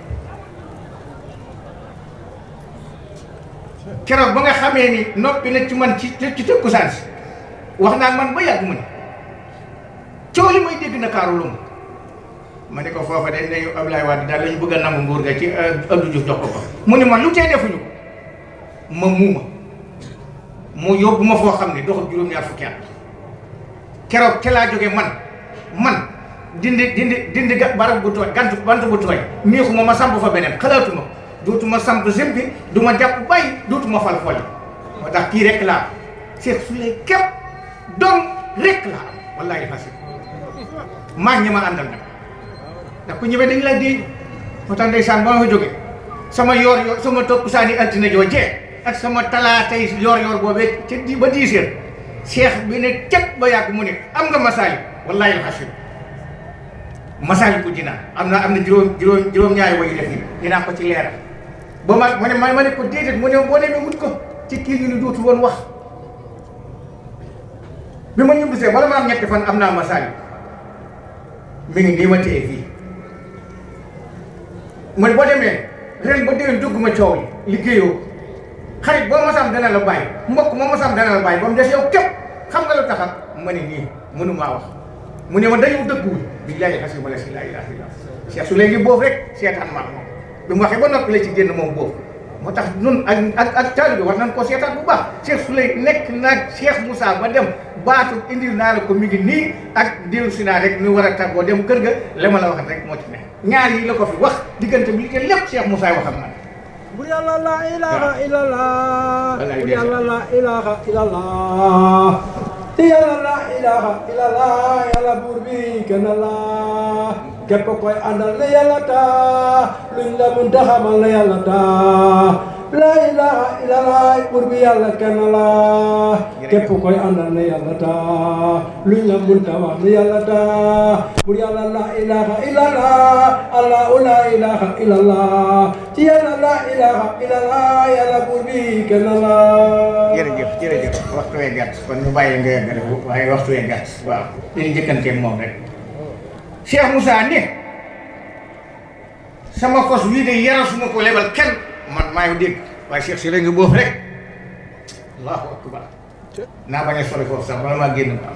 keroog ba nga xamee ni noppi na ci man ci ci tëkku saan si wax naa man ba yàgg mu ne coow li may dégg na kaaru lu ma ne ko foofa de ndeyu Abdoulaye Wade daal la ñu bëgg a nangu nguur ga ci euh, Abdou Diouf jox ko ko mu ni ma lu tee defuñu ko ma muuma mu yóbbu foo xam ne doxul juróom-ñaar fukki at keroog te laa jógee man man dindi dindi dindi barab bu tooy gant bu tooy neexuma ma samp fa beneen xalaatuma dootuma samp simpi duma ma jàpp bay dootuma fal foli moo tax kii rek laa Cheikh Souleye képp donc rek laa am fasi maa ngi ma àndal nag ndax ku ñëwee dañu lay dégg moo tax ndeysaan ba ma fa jógee sama yoor yoor sama takkusaani altine joojee ak sama talaatay yoor yoor boobee ca ba dix heures bi ne teg ba yàgg mu ne am nga masaali wallahi alxasim masaali bu dinaa am na am na juróom juróom juróom-ñaari wayu def dinaa ko ci leeral ba ma ma ne ma ma ne ko déedéet mu ne boo demee wut ko ci kii yu ni dootul woon wax bi ma ñibbisee bala ma am ñetti fan am naa masaali mi ngi nii ma téye fii mu ne boo demee ren ba dee dugg ma coow li liggéeyoo xarit boo mosam dana la bàyyi mbokk moo mosam dana la bàyyi ba mu des yow képp xam nga la lu taxam ma ne nii mënumaa wax mu ne ma dañu dëgguwul billaahi xasi ma la si laa ilaaha illa Cheikh su léegi boobu rek seetaan maag moom bi mu waxee ba noppi la ci génn moom boobu moo tax nun ak ak ak taalibe war nañ ko seetaan bu baax Cheikh su lay nekk naag Cheikh Moussa ba dem baatu indi naa la ko mu ngi nii ak diw si naa rek nu war a tàggoo kër ga la ma la wax rek moo ci ñaar yi la ko fi wax diggante bi li te lépp Cheikh Moussa waxal na bur yàlla laa ilaaha illallah bur yàlla laa ilaaha illallah te yàlla laa ilaaha illallah yàlla buur bi kenn la képp koy àndal la yàlla taa laa ilaha illallah bur bi yàlla kenn la képp koy àndal na yàlla taa laa ilaha illallah allahu laa ilaha illallah ci yàlla laa ilaha waxtu wee gàtt kon ñu bàyyi waxtu wee gàtt waaw dañu jëkkantee moom rek Cheikh Moussa ne ko lebal kenn man maa ngi dégg waaye Cheikh si rek nga boof rek allahu akbar naa bañ a sori foofu sax bala maa ba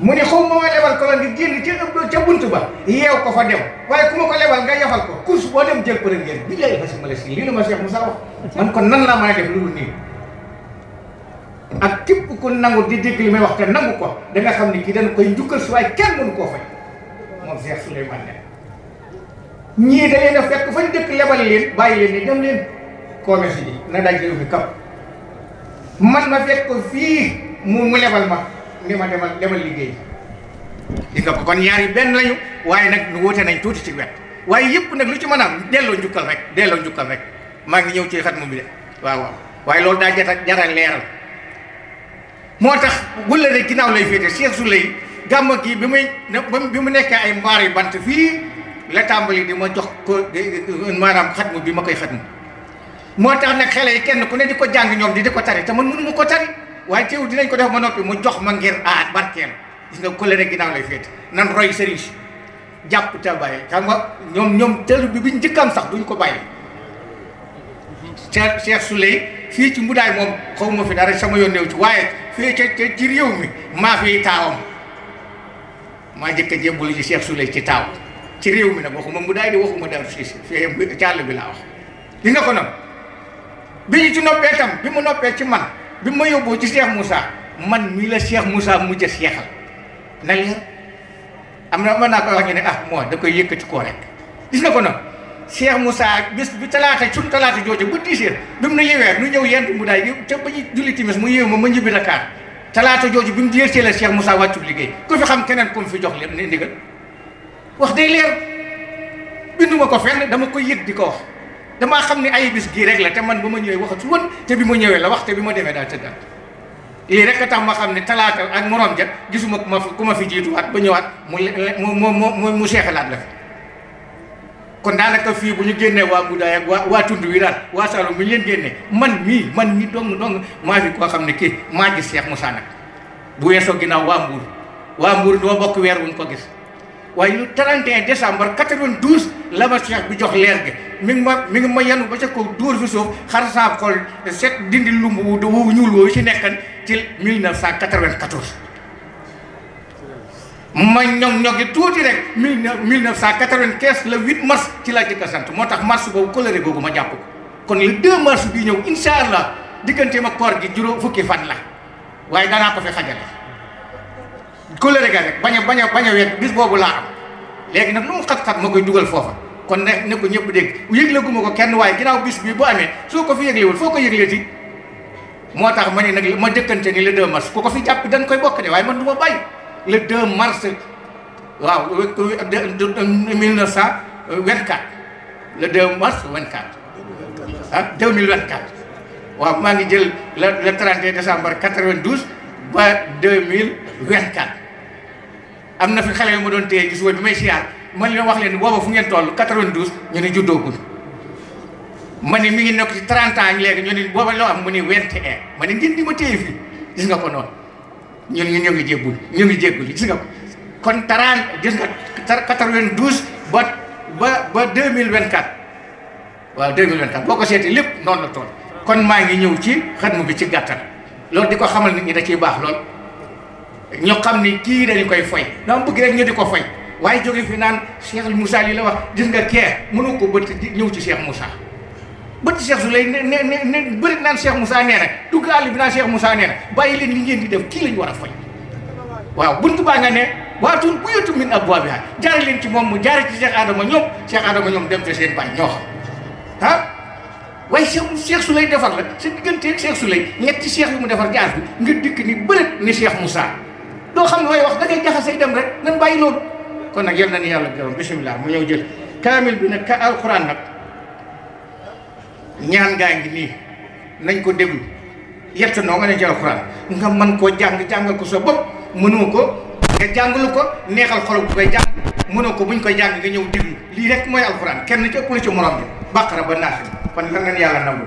mu ne xaw ma ma lebal ko la nga génn ca ëpp ca bunt ba yeew ko fa dem waaye ku ma ko lebal nga yafal ko course boo dem jël ko dem bi lay ma la si lii la ma Cheikh Moussa wax man kon nan laa mën a def lu dul nii ak ku nangu di dégg li may wax te nangu ko da nga xam ne kii dañ koy njukkal si waaye kenn mënu koo fay moom Cheikh Souleymane ñii dañuy def fekk fañ dëkk lebal leen bàyyi leen ni dem leen commerce ji na daj réew mi kaw man ma fekk ko fii mu mu lebal ma ni ma demal demal liggéey di nga ko kon ñaar yi benn lañu waaye nag nu wóote nañ tuuti ci wet waaye yëpp nag lu ci mën am delloo njukkal rek delloo njukkal rek maa ngi ñëw ci xat mu bi de waaw waaw waaye loolu daa jata jara leeral moo tax wëllëre ginnaaw lay féete Cheikh Souley gàmm gi bi muy bi mu nekkee ay mbaar yu bant fii la tàmbali di ma jox ko maanaam xatmu bi ma koy xatmu moo tax nag xale yi kenn ku ne di ko jàng ñoom di di ko tari te man mënu ma ko tari waaye teewul dinañ ko def ma noppi mu jox ma ngir aar barkeel ko nga kóllëre ginnaaw lay féete nan roy sëriñ si jàpp te bàyyi xam nga ñoom ñoom tëlu bi biñ njëkkaam sax duñ ko bàyyi Cheikh Cheikh Souley fii ci mbudaay moom xaw ma fi dara sama yoon new ci waaye fii ca ci réew mi maa taawam maa njëkk a jébbalu ci Cheikh ci taaw ci réew mi nag waxuma mu daay di waxuma daal fii si fii bi laa wax li nga ko noonu bi ñu ci noppee tam bi mu noppee ci man bi ma yóbboo ci Cheikh Moussa man mii la Cheikh Moussa mujj a seexal na na mën naa koy wax ñu ne ah moo da koy yëkkati koo rek gis nga ko noonu Cheikh Moussa bis bi talaata suñu talaata jooju ba dix heures bi mu ne yewee nu ñëw yenn mu daay te ba ñu julli timis mu yeewu ma ma ñibbi Dakar talaata jooju bi mu diyërtee la Cheikh Moussa wàccu liggéey ku fi xam keneen ku fi jox leen ndigal wax day leer binduma ko fenn dama koy yëg di ko wax damaa xam ne ay bis gii rek la te man ba ma ñëwee waxatu woon te bi ma ñëwee la wax te bi ma demee daal tëddaat lii rek a ma xam ne talaata ak moroom ja gisuma ku ma fi ku ma fi jiituwaat ba ñëwaat mu mu mu mu seexalaat la fi. kon daanaka fii bu ñu génnee waa Goudaye ak waa waa tund wi daal waa Saloum bu ñu leen génnee man mii man mii dong dong maa fi koo xam ne kii maa gis Cheikh mu nag bu weesoo ginnaaw waa Mbour waa Mbour weer wuñ ko gis. waaye lu 31 décembre 92 la ma cheikh bi jox leer gi mi ngi ma mi ngi ma yanu ba ca kaw dóor fi suuf xar saab xol set dindi lumb wu wu ñuul woowu ci nekkan ci 1994 ma ñog ñogi tuuti rek mille mille neuf cent quatre-vingt-quinze le 8 mars ci laa jëkk a sant moo tax mars boobu coloré googu ma jàpp ko kon le 2 mars bi ñëw insha allah diggante ma koor gi juróom fukki fan la waaye danaa ko fi xajale kóllëre ga rek bañ a bañ bañ a wet bis boobu laa am léegi nag lu mu xat-xat ma koy dugal foofa kon ne ne ko ñëpp dégg yëgle gu ma ko kenn waaye ginnaaw bis bii bu amee soo ko fi yëglewul foo ko yëgleeti moo tax ma ne nag ma dëkkante ni le 2 mars ku ko fi jàpp dañ koy bokk de waaye man du ma bàyyi le 2 mars waaw 1924 euh, euh, le 2 mars 24 ah 2024 waaw maa ngi jël le le 31 décembre 92 ba 2024 am na fi xale yu ma doon téye gis woon bi may siyaar ma leen wax leen booba fu ngeen toll 92 ñu ne juddoogul man ne mi ngi nekk ci 30 ans léegi ñu ne booba loo am mu ne wente e ma ne ngeen di ma téye fii gis nga ko noonu ñun ñu ñu ngi jébbul ñu ngi jébbul gis nga ko kon taraan gis nga 92 ba ba ba mille 2024 waaw 2024 boo ko seetee lépp noonu la tool kon maa ngi ñëw ci xatmu bi ci gàttal loolu di ko xamal nit ñi da ciy baax lool ñu xam ni kii dañu koy foy dama bëgg rek ñu di ko foy waaye jóge fi naan Cheikh Moussa li la wax gis nga kee mënu ko bëtt ñëw ci Cheikh Moussa bët Cheikh su lay ne ne ne bëri naan Cheikh na dugg àll bi naan Cheikh Moussa nee na bàyyi leen li ngeen di def kii lañu war a foy waaw buntu baa nga ne waatun buyutu min abwaabiha jaare leen ci moom mu jaare ci Cheikh Adama ñoom Cheikh Adama ñoom dem te seen ñoo xam ah waaye Cheikh Cheikh su lay defar la sa digganteeg Cheikh su lay ñetti Cheikh yu mu defar jaar bi nga dikk ni bëri ni Cheikh Moussa doo xam looy wax da ngay jaxasee dem rek nan bàyyi loolu kon nag yal na ni yàlla gërëm bisimilah mu ñëw jël kaamil bi nag ka alquran nag ñaan gaa ngi nii nañ ko déglu yett noo nga ne ci alquran mën koo jàng jàngal ko sa bopp mënoo ko nga jàngalu ko neexal xol bu koy jàng mënoo ko buñ koy jàng nga ñëw déglu lii rek mooy alquran kenn ci ëpp ci morom bi baqara ba naas kon lan ngeen yàlla nangu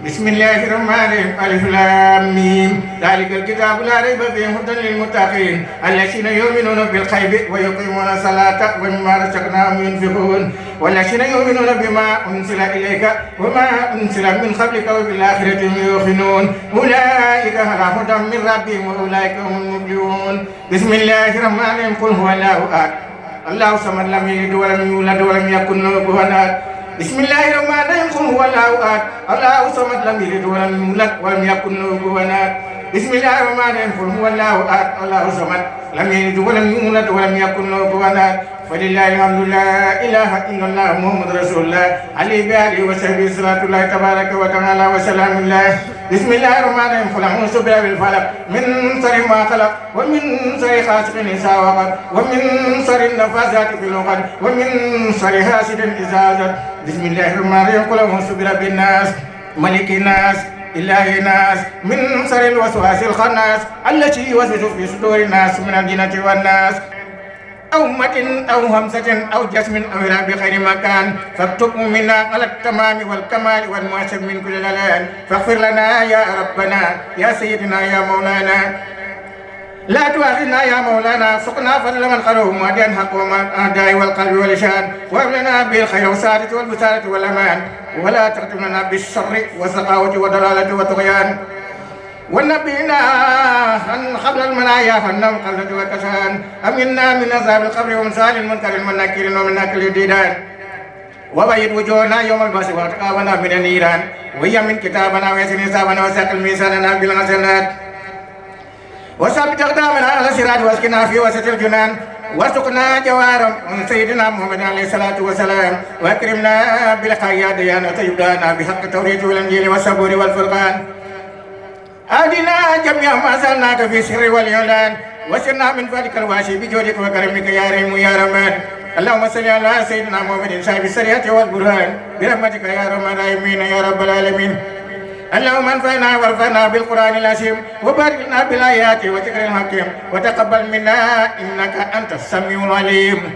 بسم الله الرحمن الرحيم ألف لام ميم ذلك الكتاب لا ريب فيه هدى للمتقين الذين يؤمنون بالغيب ويقيمون الصلاة ومما رزقناهم ينفقون والذين يؤمنون بما أنزل إليك وما أنزل من قبلك وبالآخرة هم يوقنون أولئك على هدى من ربهم وأولئك هم المفلحون بسم الله الرحمن الرحيم قل هو الله أحد الله صمد لم يلد ولم يولد ولم يكن له كفوا أحد bismillahi rahmaani rahiim qul huwallaahu ahad allaahu samad lam yalid walam yuulad walam yakun lahu kufuwan ahad بسم الله الرحمن الرحيم قل هو الله احد الله الصمد لم يلد ولم يولد ولم يكن له كفوا احد فلله الحمد لا اله الا الله محمد رسول الله عليه باله وصحبه صلاه الله تبارك وتعالى وسلام الله بسم الله الرحمن الرحيم قل اعوذ برب الفلق من شر ما خلق ومن شر غاسق اذا وقب ومن شر النفاثات في العقد ومن شر حاسد اذا حسد بسم الله الرحمن الرحيم قل اعوذ برب الناس ملك الناس إلهي ناس من سر الوسواس الخناس التي يوسوس في صدور الناس من الجنة والناس أو مد أو همسة أو جسم أو إلى بخير مكان فاكتب منا على التمام والكمال والمؤسس من كل دلال فاغفر لنا يا ربنا يا سيدنا يا مولانا لا تؤاخذنا يا مولانا سقنا فضل من خلوهم وأدين حق وما والقلب والشان وهب لنا به الخير والسعادة والبسالة والأمان ولا تخدمنا بالشر والسقاوة والضلالة والطغيان والنبينا أن قبل المنايا فنم قلت وكسان أمنا من عذاب القبر ومسال المنكر المنكر ومن أكل الديدان وبيد وجوهنا يوم البعث وتقاونا من النيران ويمن كتابنا ويسن حسابنا وساق الميزاننا بالحسنات وثبت أقدامنا على الصراط واسقنا في وسط الجنان وارزقنا جوارا من سيدنا محمد عليه الصلاة والسلام وأكرمنا بالحياة ديانا طيبنا بحق التوريد والإنجيل والصبر والفرقان أهدنا جميع ما سألناك في سر والإعلان وسرنا من فضلك الواسع بجودك وكرمك يا رحيم يا رحمن اللهم صل على سيدنا محمد صاحب السريعة والبرهان برحمتك يا رحمن الرحيم يا رب العالمين اللهم انفعنا وارفعنا بالقران العظيم وبارك لنا بالايات وذكر الحكيم وتقبل منا انك انت السميع العليم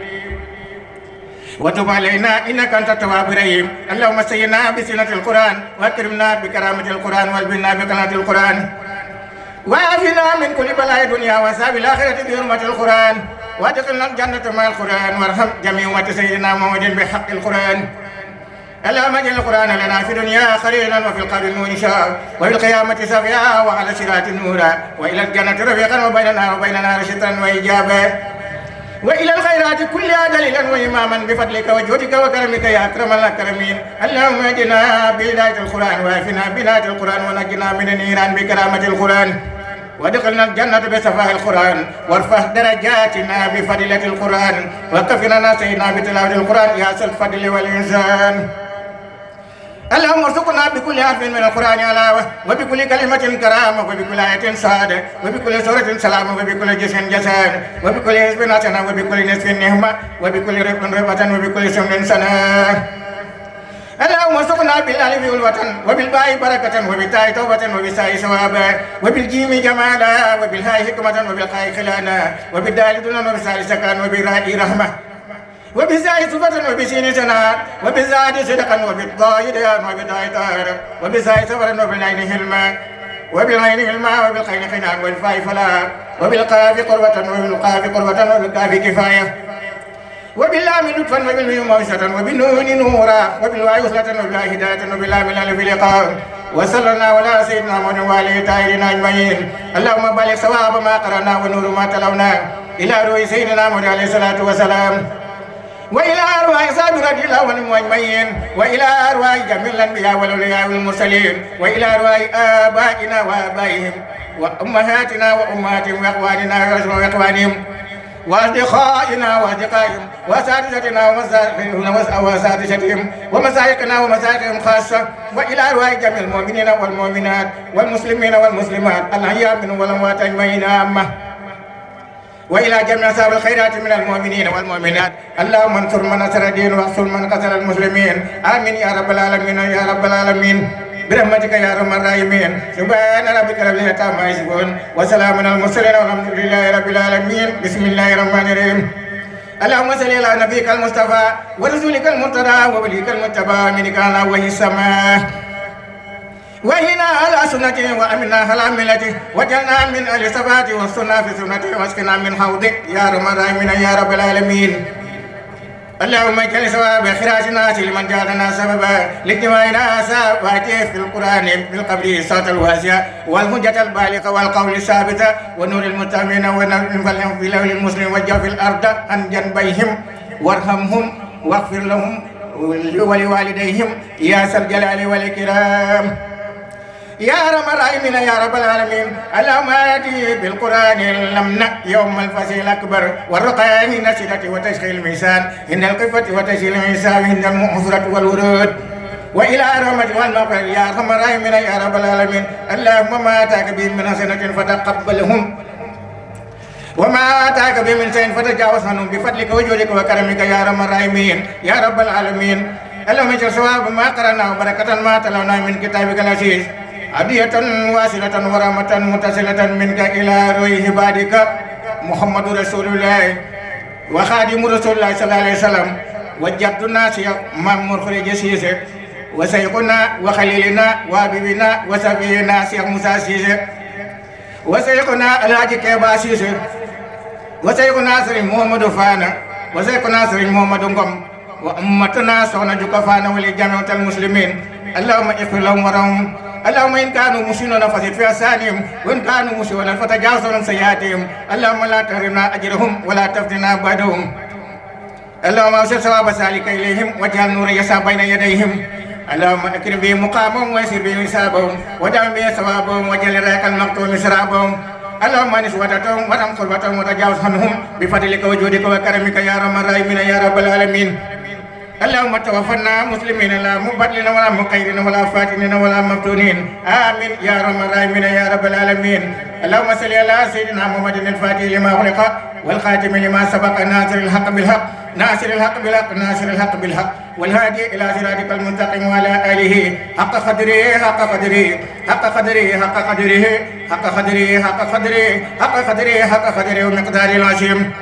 وتب علينا انك انت التواب الرحيم اللهم سينا بسنه القران واكرمنا بكرامه القران والبنا بقناه القران وعافنا من كل بلاء الدنيا وساب الاخره بحرمه القران وادخلنا الجنه مع القران وارحم جميع امه سيدنا محمد بحق القران اللهم اجعل القران لنا في الدنيا خليلا وفي القبر منشا وفي القيامه سفيا وعلى صراط نورا والى الجنه رفيقا وبيننا وبيننا رشدا وايجابا والى الخيرات كلها دليلا واماما بفضلك وجودك وكرمك يا اكرم الاكرمين اللهم اجنا بهدايه القران وافنا بهدايه القران ونجنا من النيران بكرامه القران وادخلنا الجنة بصفاء القرآن وارفع درجاتنا بفضيلة القرآن وكفنا نصينا بتلاوة القرآن يا ذا الفضل والإنسان اللهم ارزقنا بكل حرف من القران علاوه وبكل كلمه كرامه وبكل ايه سعاده وبكل سوره سلامه وبكل جسم جسد وبكل حزب حسنه وبكل نسب نهمه وبكل رب ربه وبكل سمن سنه اللهم ارزقنا بالالف والوطن وبالباء بركه وبالتاء توبه وبالساء ثوابا وبالجيم جمالا وبالهاء حكمه وبالخاء خلانا وبالدال ذلا وبالسالس سكان وبالراء رحمه وبزاد صفة وبسين سنات وبزاد صدقا وبالضاء ديان وبالضاء طاهرا وبزاد صبرا وبالعين هلما وبالعين هلما وبالخير خنان والفاء فلا وبالقاف قربة وبالقاف قربة وبالقاف كفاية وباللام لطفا وبالميم موسة وبالنون نورا وبالواي وصلة وبالله هداية وباللام الألف لقاء وصلى الله على سيدنا محمد وآله الطاهرين أجمعين اللهم بلغ ثواب ما قرأنا ونور ما تلونا إلى روح سيدنا محمد عليه الصلاة والسلام وإلى أرواح سابر رضي الله عنهم أجمعين وإلى أرواح جميع الأنبياء والأولياء والمرسلين وإلى أرواح آبائنا وآبائهم وأمهاتنا وأمهاتهم وإخواننا وإخوانهم واصدقائنا واصدقائهم واساتذتنا واساتذتهم ومسايقنا ومسايقهم خاصه والى ارواح جميع المؤمنين والمؤمنات والمسلمين والمسلمات الاحياء منهم والاموات اجمعين عامه وإلى جميع أصحاب الخيرات من المؤمنين والمؤمنات اللهم انصر من نصر الدين واحصر من قتل المسلمين آمين يا رب العالمين يا رب العالمين برحمتك يا ارحم الراحمين سبحان ربك رب العزه عما يصفون وسلام على المرسلين والحمد لله رب العالمين بسم الله الرحمن الرحيم اللهم صل على نبيك المصطفى ورسولك المرتضى ووليك المتبى منك على وجه السماء وهنا على سنته وأمنا على ملته وجعلنا من أهل الثبات والسنة في سنته واسقنا من حوضك يا رب العالمين يا رب العالمين اللهم اجعل ثواب خراجنا لمن جعلنا سببا لاجتماعنا واتيه في القران في القبر الصوت الواسع والهجة البالغة والقول الثابتة ونور المتامين ونور في لول المسلم وجه في الارض عن جنبيهم وارحمهم واغفر لهم ولوالديهم يا ذا الجلال والاكرام يا رب العالمين يا رب العالمين اللهم آتي بالقرآن اللمنة يوم الفصل الأكبر والرقيان النشرة وتشغيل الميزان إن القفة وتشغيل الميزان إن المعذرة والورود وإلى رحمة والمغفرة يا أرحم الراحمين يا رب العالمين اللهم ما أتاك به من حسنة فتقبلهم وما أتاك به من شيء فتجاوز عنهم بفضلك وجودك وكرمك يا أرحم الراحمين يا رب العالمين اللهم اجعل ثواب ما قرأناه بركة ما تلوناه من كتابك العزيز أدية واسلة ورمة متصلة منك إلى روي عبادك محمد رسول الله وخادم رسول الله صلى الله عليه وسلم وجبت الناس مامور خريج سيسك وسيقنا وخليلنا وابينا وسبينا سيخ موسى سيسك وسيقنا الحاج كيبا سيسك وسيقنا سرين محمد فانا وسيقنا سرين محمد قم وأمتنا سونا جوكا فانا ولجامعة المسلمين اللهم اغفر لهم ورحمهم اللهم إن كانوا مسلمين فزد في أسانهم وإن كانوا مسلمين فتجاوز عن سيئاتهم اللهم لا تحرمنا أجرهم ولا تفتنا بعدهم اللهم أرسل ثواب ذلك إليهم واجعل نور يسعى بين يديهم اللهم أكرم به مقامهم ويسر به نسابهم ودعم به ثوابهم واجعل رايك المقتول سرابهم اللهم انس ودتهم ورم صلبتهم وتجاوز عنهم بفضلك وجودك وكرمك يا رب الراحمين يا رب العالمين اللهم توفنا مسلمين لا مبدلين ولا مقيرين ولا فاتنين ولا مفتونين آمين يا رب الراحمين يا رب العالمين اللهم صل على سيدنا محمد الفاتح لما أغلق والخاتم لما سبق ناصر الحق بالحق ناصر الحق بالحق ناصر الحق بالحق والهادي إلى صراطك المستقيم وعلى آله حق قدره حق قدره حق قدره حق قدره حق قدره حق قدره حق قدره حق قدره ومقداره العظيم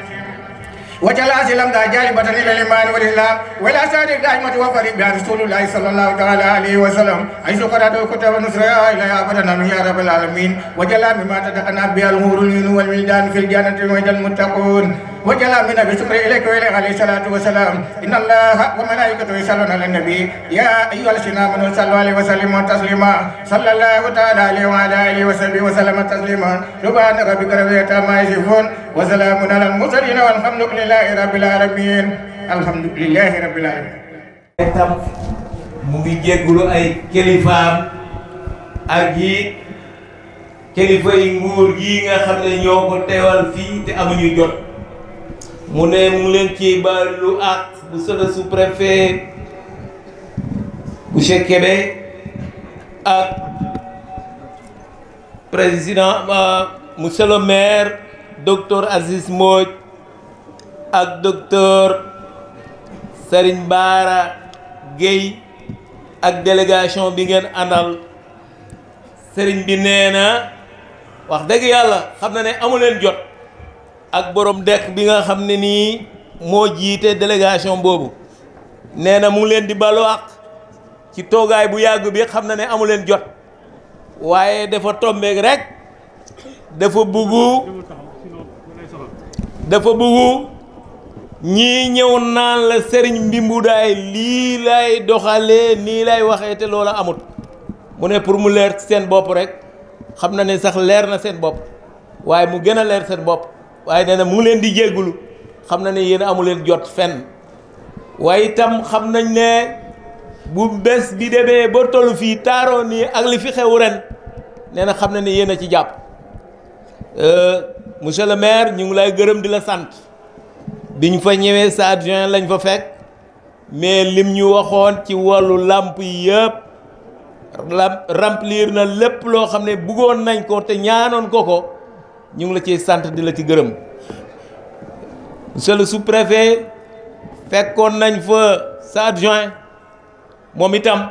وجلاسي لم دجال بطن الإيمان والإسلام ولا سعد الرحمة وفريق بها رسول الله صلى الله تعالى عليه وسلم حيث قرأت كتب نصرها إلى أبدا يا رب العالمين وجلا مما تدخنا بها الغور والولدان في الجنة وإذا المتقون وجلا من بشكر إليك وإليك عليه الصلاة والسلام إن الله وملائكته يصلون على النبي يا أيها الذين آمنوا صلوا عليه وسلموا تسليما صلى الله تعالى عليه وعلى آله وصحبه وسلم تسليما سبحان ربك رب العزة عما يصفون وسلام على المرسلين والحمد لله رب العالمين الحمد لله رب العالمين itam mu ngi jéggulu ay kilifaam ak yi kilifa nguur yi nga xam ne ñoo ko teewal fii te amuñu jot mu ne mu ngi leen ci ak bu solo sous préfet monsieur Kébé ak président euh, monsieur le maire docteur Aziz Mbodj ak docteur Serigne baara Gueye ak délégation bi ngeen àndal Serigne bi nee na wax dëgg yàlla xam na ne amu leen jot ak borom dekk bi nga xam ne nii moo jiite délégation boobu nee na mu ngi leen di balu àq ci toogaay bu yàgg bi xam na ne amu leen jot waaye dafa tombeek rek dafa buggu dafa bëggu ñii ñëw naan la sëriñ Mbimboudaay lii lay doxalee nii lay waxee te loola amut mu ne pour mu leer seen bopp rek xam na ne sax leer na seen bopp waaye mu gën a leer seen bopp waaye nee na mu ngi leen di jéggulu xam na ne yéen amu leen jot fenn waaye itam xam nañ ne bu bes bi demee ba tollu fii taaroo nii ak li fi xew ren nee na xam na ne yéen a ci jàpp euh, monsieur le maire ñu ngi lay gërëm di la sant biñ fa ñëwee sa adjoint lañ fa fekk mais lim ñu waxoon ci wàllu làmp yëpp remplir na lépp loo xam ne bëggoon nañ ko te ñaanoon ko ko ñu ngi la ciy sant di la ci gërëm monsieur le fekkoon nañ fa sa adjoint moom itam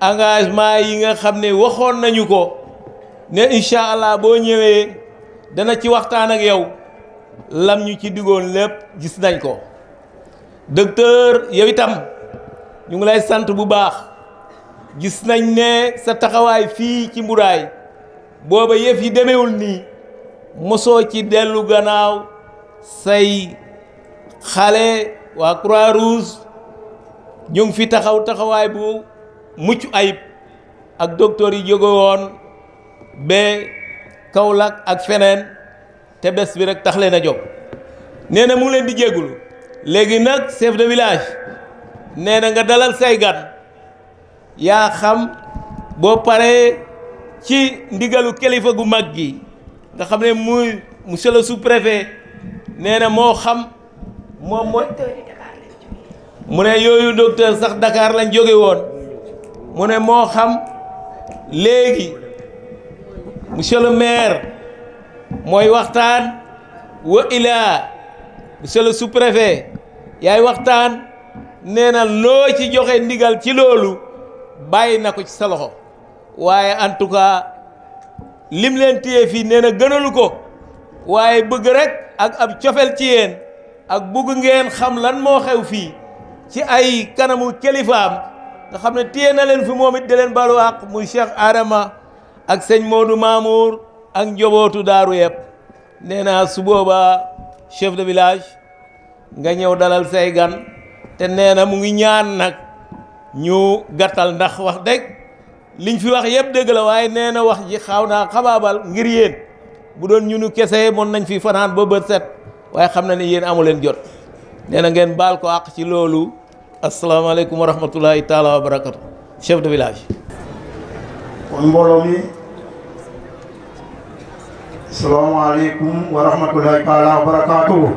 engagement yi nga xam ne waxoon nañu ko ne incha boo ñëwee dana ci waxtaan ak yow lam ñu ci diggoon lépp gis nañ ko docteur yow itam ñu ngi lay sant bu baax gis nañ ne sa taxawaay fii ci mburaay booba yëf yi demewul nii mosoo ci dellu gannaaw say xale waa croix rouge ñu ngi fi taxaw taxawaay bu mucc ayib ak docteur yi jóge woon ba Kaolack ak feneen te bés bi rek tax leen a jóg nee na mu ngi leen di jéggulu léegi nag chef de village nee na nga dalal say gan yaa xam boo paree ci ndigalu kilifa gu mag gi nga xam ne muy monsieur le sous nee na moo xam moom mu ne yooyu docteur sax Dakar lañ jóge woon mu ne moo xam léegi monsieur le maire mooy waxtaan wa ilaa monsieur le sous yaay waxtaan nee na loo ci joxe ndigal ci loolu bàyyi na ko ci sa loxo waaye en tout cas lim leen téye fii nee na gënalu ko waaye bëgg rek ak ab cofel ci ak bëgg ngeen xam lan moo xew fii ci ay kanamu kilifaam nga xam ne téye na leen fi moo it da leen balu àq muy Cheikh Adama ak sëñ Modou Mamour ak njobootu daaru yëpp nee naa su boobaa chef de village nga ñëw dalal say gan te nee na mu ngi ñaan nag ñu gàttal ndax wax dëgg liñ fi wax yëpp dëgg la waaye nee na wax ji xaaw naa xabaabal ngir yéen bu doon ñunu kese mën nañ fi fanaan ba set waaye xam na ne yéen amu leen jot nee na ngeen baal ko àq ci loolu asalaamaaleykum wa rahmatullahi taala wa barakatu chef de village kon mbooloo mi salaamaaleykum wa rahmatulahi taala wa barakaatuhu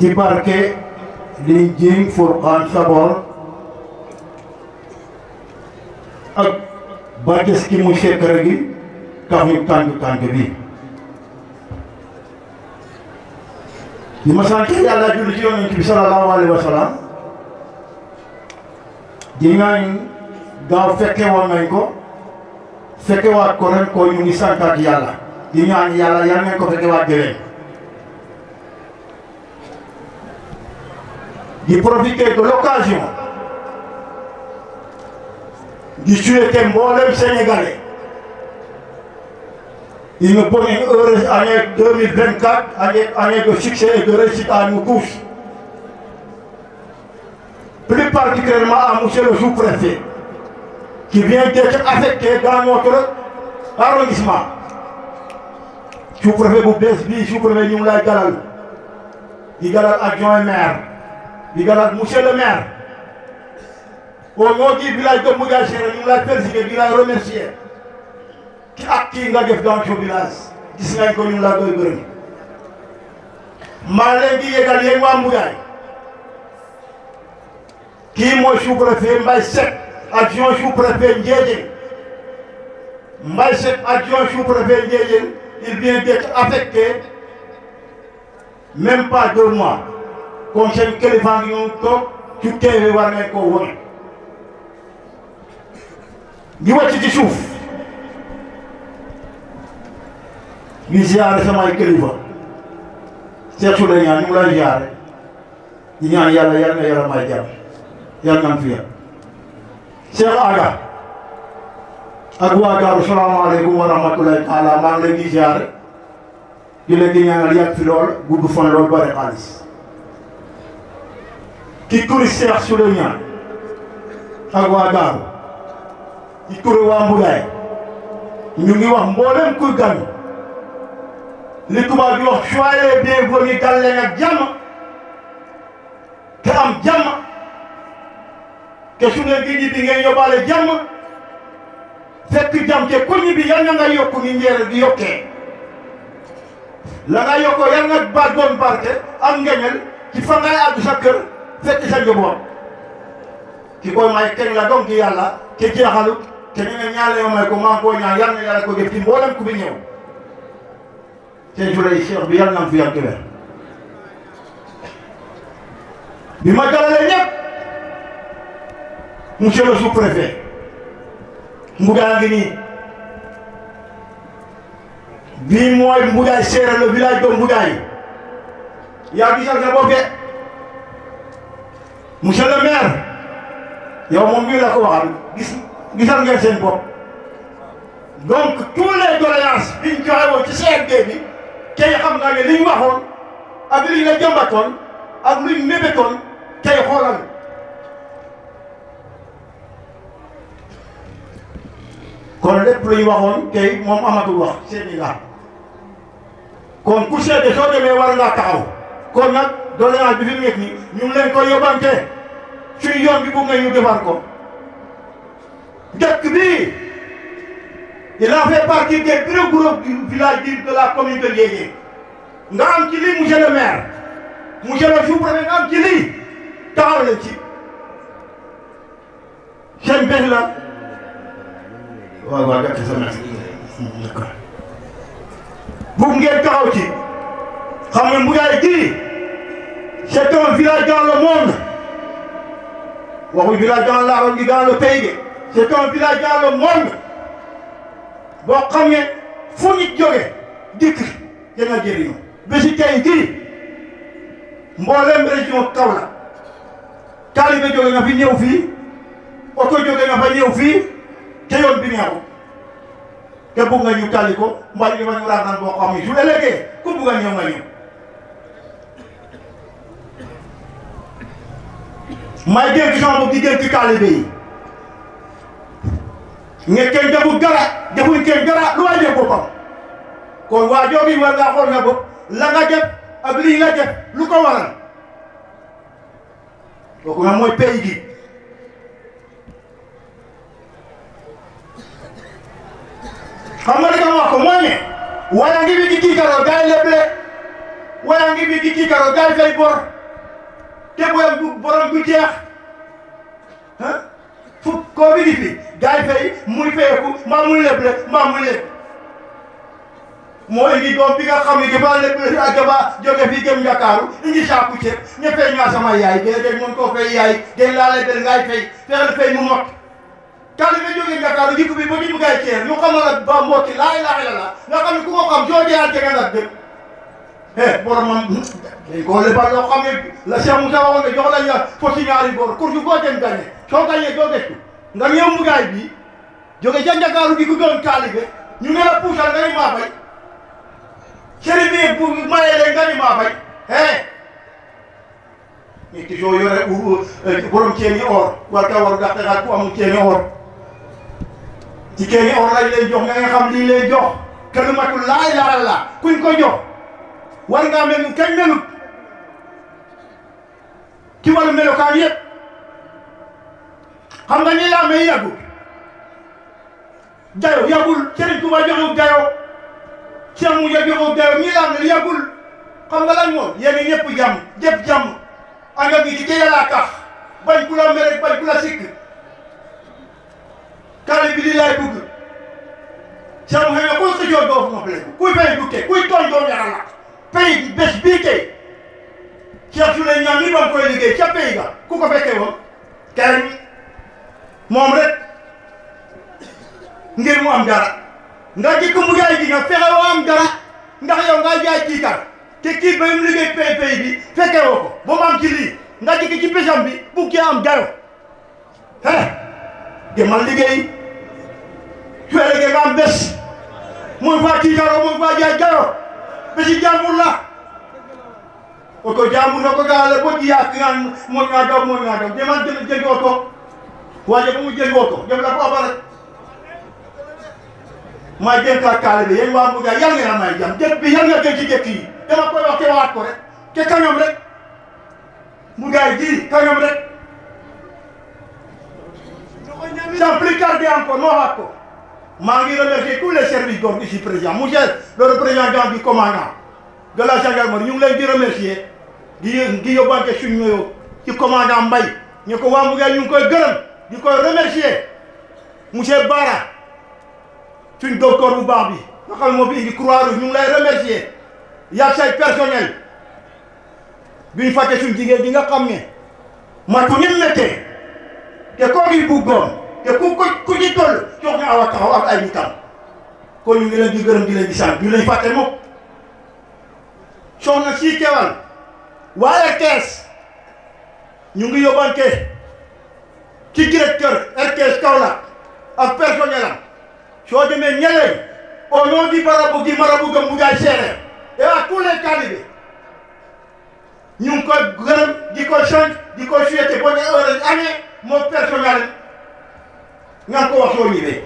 ci barke liñ jiiñ Furqaan Sabor ak bàcces ki mu sekkare gi tax ñu tànk tànk bi li ma sant yàlla julli ci yonent bi sallallahu alayhi wa sallam di ngaañ daaw fekke woon nañ ko fekkewaat ko ren ko ñu ngi santaat yàlla di ñaan yàlla yal nañ ko fekkewaat déwén di profiter de l'occasion di souhaiter mboolem sénégalais une bonne et heureuse année 2024 année année de succès et de réussite à nous tous plus particulièrement à monsieur le sous-préfet qui vient d'être affecté dans notre arrondissement sous-préfet bu bees bii sous-préfet ñu ngi lay dalal di dalal adjoint maire di dalal monsieur le maire au nom du village de Mougachère ñu ngi lay féliciter di ak kii nga def dans ce village ko ñu ngi lay koy gërëm maa waa Mbugaay kii mooy sous-préfet Mbaye Seck adjoint sous-préfet Ndiédiène Mbaye Seck adjoint sous-préfet Ndiédiène il vient d'être affecté même pas deux mois kon seen kilifa ngi ñu toog ci war nañ koo wone ñu wàcc ci suuf ñu ziare samay kilifa seetu la ñaan ñu ngi lay ziare di ñaan yàlla yàlla na yàlla may jàmm yàlla nañ fi Cheikh Aga ak waa Daaru salaamaaleykum wa rahmatulahi taala maa leen di ziare di leen di ñaanal yàgg fi lool gudd fan lool ki kuri Cheikh Souleymane ak waa Daaru kuri waa Mbulaay ñu ngi wax mboolem kuy gan li tubaab di wax soyez bienvenus dal leen ak jàmm te am jàmm. te su ngeen di ñibbi ngeen yóbbaale jàmm fekk jàmm te ku ñibbi yal na yokku ni njéeréer yokkee la yokkoo yal nga ba doon barke am ngeñal ci fa ngay àgg sa kër fekk ki koy may la doom ci yàlla te jeexalut te ñu ne ñaale yoo ko maa ngi koy ñaan yal ko def ci mboolem ku bi ñëw te juree Cheikh bi yal na am fi yàgg wér monsieur le sous-préfet Mbouga ngi nii bii mooy Mbougaay Séeréer le village de Mbougaay yaa gisal sa bopp de monsieur le maire moom bii la ko waxal gis gisal ngeen seen bopp donc tous les doléances biñ joxe ci CRD bi tey xam naa ne liñ waxoon ak liñ la jëmbatoon ak liñ xoolal kon lépp luy waxoon tey moom amatul wax seeti la kon ku seete soo demee war ngaa taxaw kon nag doléance bi fi mu nekk nii ñu ngi yoon bi bugg nga ñu defar ko dëkk bi il a fait partie des gros groupes du village nga am ci lii monsieur le maire monsieur le sous-préfet nga am ci lii taxaw nañ ci la. waaw ngeen taxaw ci xam nga Mboudaye ji c'est un village dans le monde waxu village dans l'arrondi dans le pays de c'est un village dans le monde boo xam ne fu nit jóge dikk dana jëriñu bési tey jii mboolem région Kaolack taalibe jóge na fi ñëw fii oto jóge na fa ñëw fii te yoon bi neexut te bugg nga ñu tali ko mbaa ñu laa naan boo ko amee su ëllëgee ku bugg a ñëw nga ñëw. may dégg sama bopp di dégg yi nga kenn deful dara deful kenn dara lu waay def boppam kon waa jooju war ngaa xool na bopp nga def ak lii nga def lu ko mooy pays gi. Muhammad kama wako mwenye wayangivi kikikaro gai leble wayangivi kikikaro gai fay bor te boyam borom bu jeex fu koo bi di fi gai fay muy i maa muy leble maa muy leb moo indi doom bi nga xam ne di ba leble ak ba jóge fii jëm Ndakaaru indi saaku ceeb ña fay ñaa sama yaay dee dee moom koo fay yaay dee laa lebel ngay fay fexeel mu mot taalibe nga jógee Dakar dikk bi ba ñu mu gaay ceer ñu xamal la ba mbokki laa ilaaha illallaah nga xam ne ku ko xam joojee àjjana nag dem eh boromam day góole ba loo xam ne la Cheikh Moussa waxoon ne jox lañ la foti ñaari boor kursu boo dem gagné soo gagné doo gëstu nga ñëw mu gaay bi jóge ca Dakar di ko gën taalibe ñu ne la puusal nga ni maa bay sëriñ bi bu mayee leen nga ni maa bay eh ñetti soo yore uh, uh, borom ceeni or war ka war dàqe ku amul ceeni or ci kër gi jox nga nga xam lii jox kenn matul laay laaral kuñ ko jox war ngaa mel ni kenn melut ci wàllu melokaan yëpp xam nga nii laa may yàggul dayo yàggul Sëriñ Tuubaa joxewul dayo Cheikh Moussa joxewul dayo nii laa mel yàggul xam nga lan moom yéen ñëpp jàmm jëpp jàmm ànd ak di jéyalaa bañ ku la mere bañ ku la sikk taale bi lii laay bëgg Thierno Mbengue kuy xëccoo doo fa noppaleku kuy fay du kuy tooñ doo yaram nag pay bés bii tey Cheikh Souley ñoom li doon koy liggéey ca pay ga ku ko fekkee kenn moom rek ngir mu am dara nga jëkk mu jaay ji nga fexe am dara ndax yow ngaa jaay kii kar te kii ba liggéey pay bi fekkee woo ko ba lii nga jëkk ci bésam bi bu am dara ah demal liggéey. cuelege ga bes moy fa tiitaro moy fa jajjaro besi jambur la oto jambur na ko gaale bo jiya kiran moña daw moña daw demal jël jël oto waaye ba mu jël oto dem la ko abal ma jël ka kaale bi yéen waa Mbuja yal ngeen may jàmm jël bi yal ngeen jël ci jëkk yi dama koy wax te waat ko rek te kañoom rek Mbuja yi ji kañoom rek sans plus tarder encore moo waat ko maa ngi remercier tous les services d'ordre ici présents monsieur le représentant du commandant de la gendarmerie ñu ngi leen di remercier di di yóbbante suñu nuyoo ci commandant mbay ñu ko waa Mbouguéne ñu ngi koy gërëm di koy remercier monsieur Bara suñ docteur bu baax bi nga xam moo fi indi croix rouge ñu ngi lay remercier yaa say personnel biñ fàtte suñ jigéen bi nga xam ne matu ñim méttee te koo gi bugg doon te ku ko ku ci toll jox ñu awa taxaw ak ay nitam kon ñu ngi leen gërëm di leen di sant ñu leen fàtte mukk soxna si ñu ngi yóbbante ci directeur RTS Kaolack ak personnel am soo demee ñeleen au nom du marabout du marabout de Moundiaye Séeréer et à tous les talibés ñu ko gërëm di ko sant di ko souhaité bonne heureuse année moom personnel nga ko wax soo ñëwee